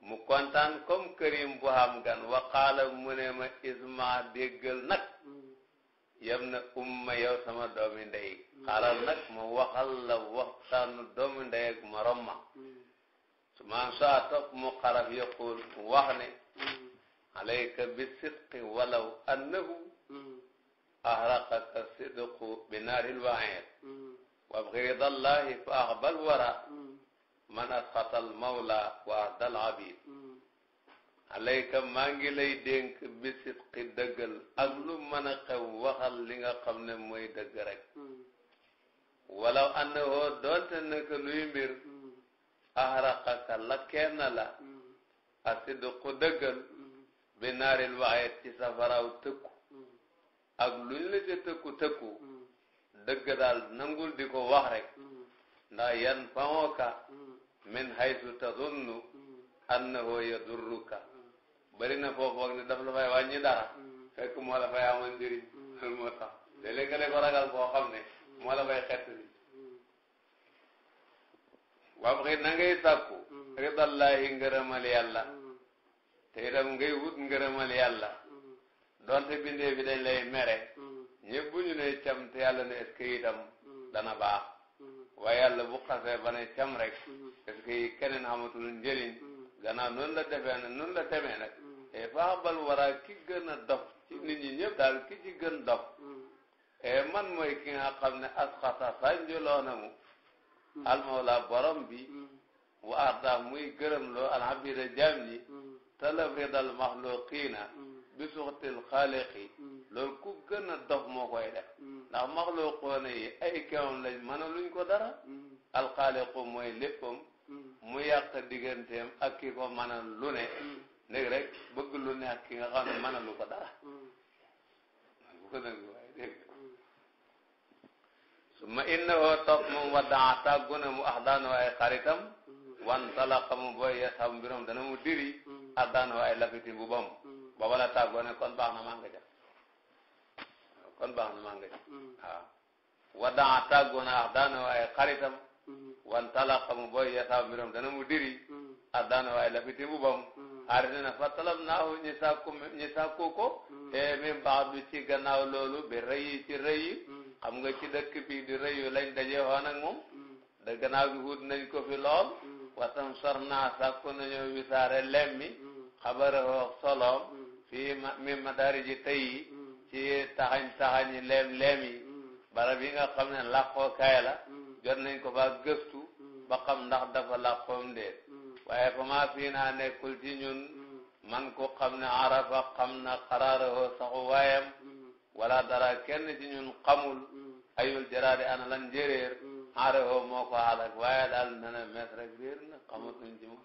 mu kontaan comme kërim bu xam gan waqaala mu ne ma isma déggal nag yam na umma yow sama doomi ndey xaalal nag ma waxal la waxtaanu doomi ndey ak morom ma su ma saa topp mu xaraf yaqul mu wax ne alayka bi sidqi walaw annahu ahraqaka sidqu bi naaril waayet mm. wa bi ridallahi fa axbal wara mm. man asxatal mawla wa ahdal abid mm. alayka maa ngi lay dénk bisit ki dëggal ak lu mën xew waxal li nga xam ne mooy dëgg rek mm. walaw ànd woo doonte naka luy mbir mm. axraqaka la kenn la asiduqu dëggal bi naaril waxeet ci safaraw tëkku ak luñ la ca tëkku tëkku dëgg daal nangul di ko wax rek ndax yan faŋooka min haytu tazunnu annahu yadurruka bari na foofu foog ne la fay wàññi dara fekk moo la fay amal njëriñ loolu moo ko ragal boo xam ne moo la fay xett ni waaw xëy na ngay sàkku ridallahi ngërëmal yàlla te itam ngay wut ngërëmal yàlla donte bindee bi dañ lay mere ñëpp bu ne cam te yàlla ne est-ce que itam dana baax waaye yàlla bu xasee ba ne cam rek est-ce que keneen amatul njëriñ mm. gannaaw noonu la defee na noonu la demee nag e faa mm. bal waraa ki gën dof ci mm. nit ñi ñëpp daal ki ci gën dof e man mooy ki nga xam ne asxasa sànjuloo na mu almawla borom bi wa arda muy gërëm loo alhabida jaam ñi talafridal maxluqiina bi suxtil xaaliqi loolu ku gën dof moo koy def ndax maxluqoona yi ay kawam lañ mëna luñ ko dara alxaaliqu mooy léppam mu yàq digganteem ak ki ko manal lu ne mm. rek bëgg lu ne ak ki nga xam mm. ko dara mm. bu ko nangu waaye dégg su ma innahoo topp moom waddaa tàggu na mu axdaanu ay xaritam wan talaqa mu booy yasab mbirom dana mu diri axdaanu ay lafiti bu bam booba la tàggoo ne kon baax na maa nga kon baax na maa nga jàpp waaw waddaa tàggu na axdaanu ay xaritam wan talaqa mu booy yeesaab mbiram dana mu diri hmm. addaana waaye lafiti mbubam xaari hmm. ne na fa talab naahu ñi sàkku ñi sàkku ko e min baadu ci gannaaw loolu bi rëyi ci rëyi xam nga ci dëkk bi di rëyu lañ daje woon ak moom da gannaaw gi wut nañ ko fi lool watam sor naa sàkku nañoo wisaare lemmi xabarahoo soloom fii min madaari ji tëyi ci taxañ taxañi leem leem yi barab yi nga xam ne làqoo kaay la jot nañ ko ba gëstu ba xam ndax dafa làqoom déet waaye fa maa fii naa nekkul ci ñun man ko xam ne arafa xam na xaraarahoo saxu waayam wala dara kenn ci ñun xamul ayul jaraade ana lan njëréer xaarahoo moo ko xalak waaye daal nana mes rek réer na xamatuñ ci mu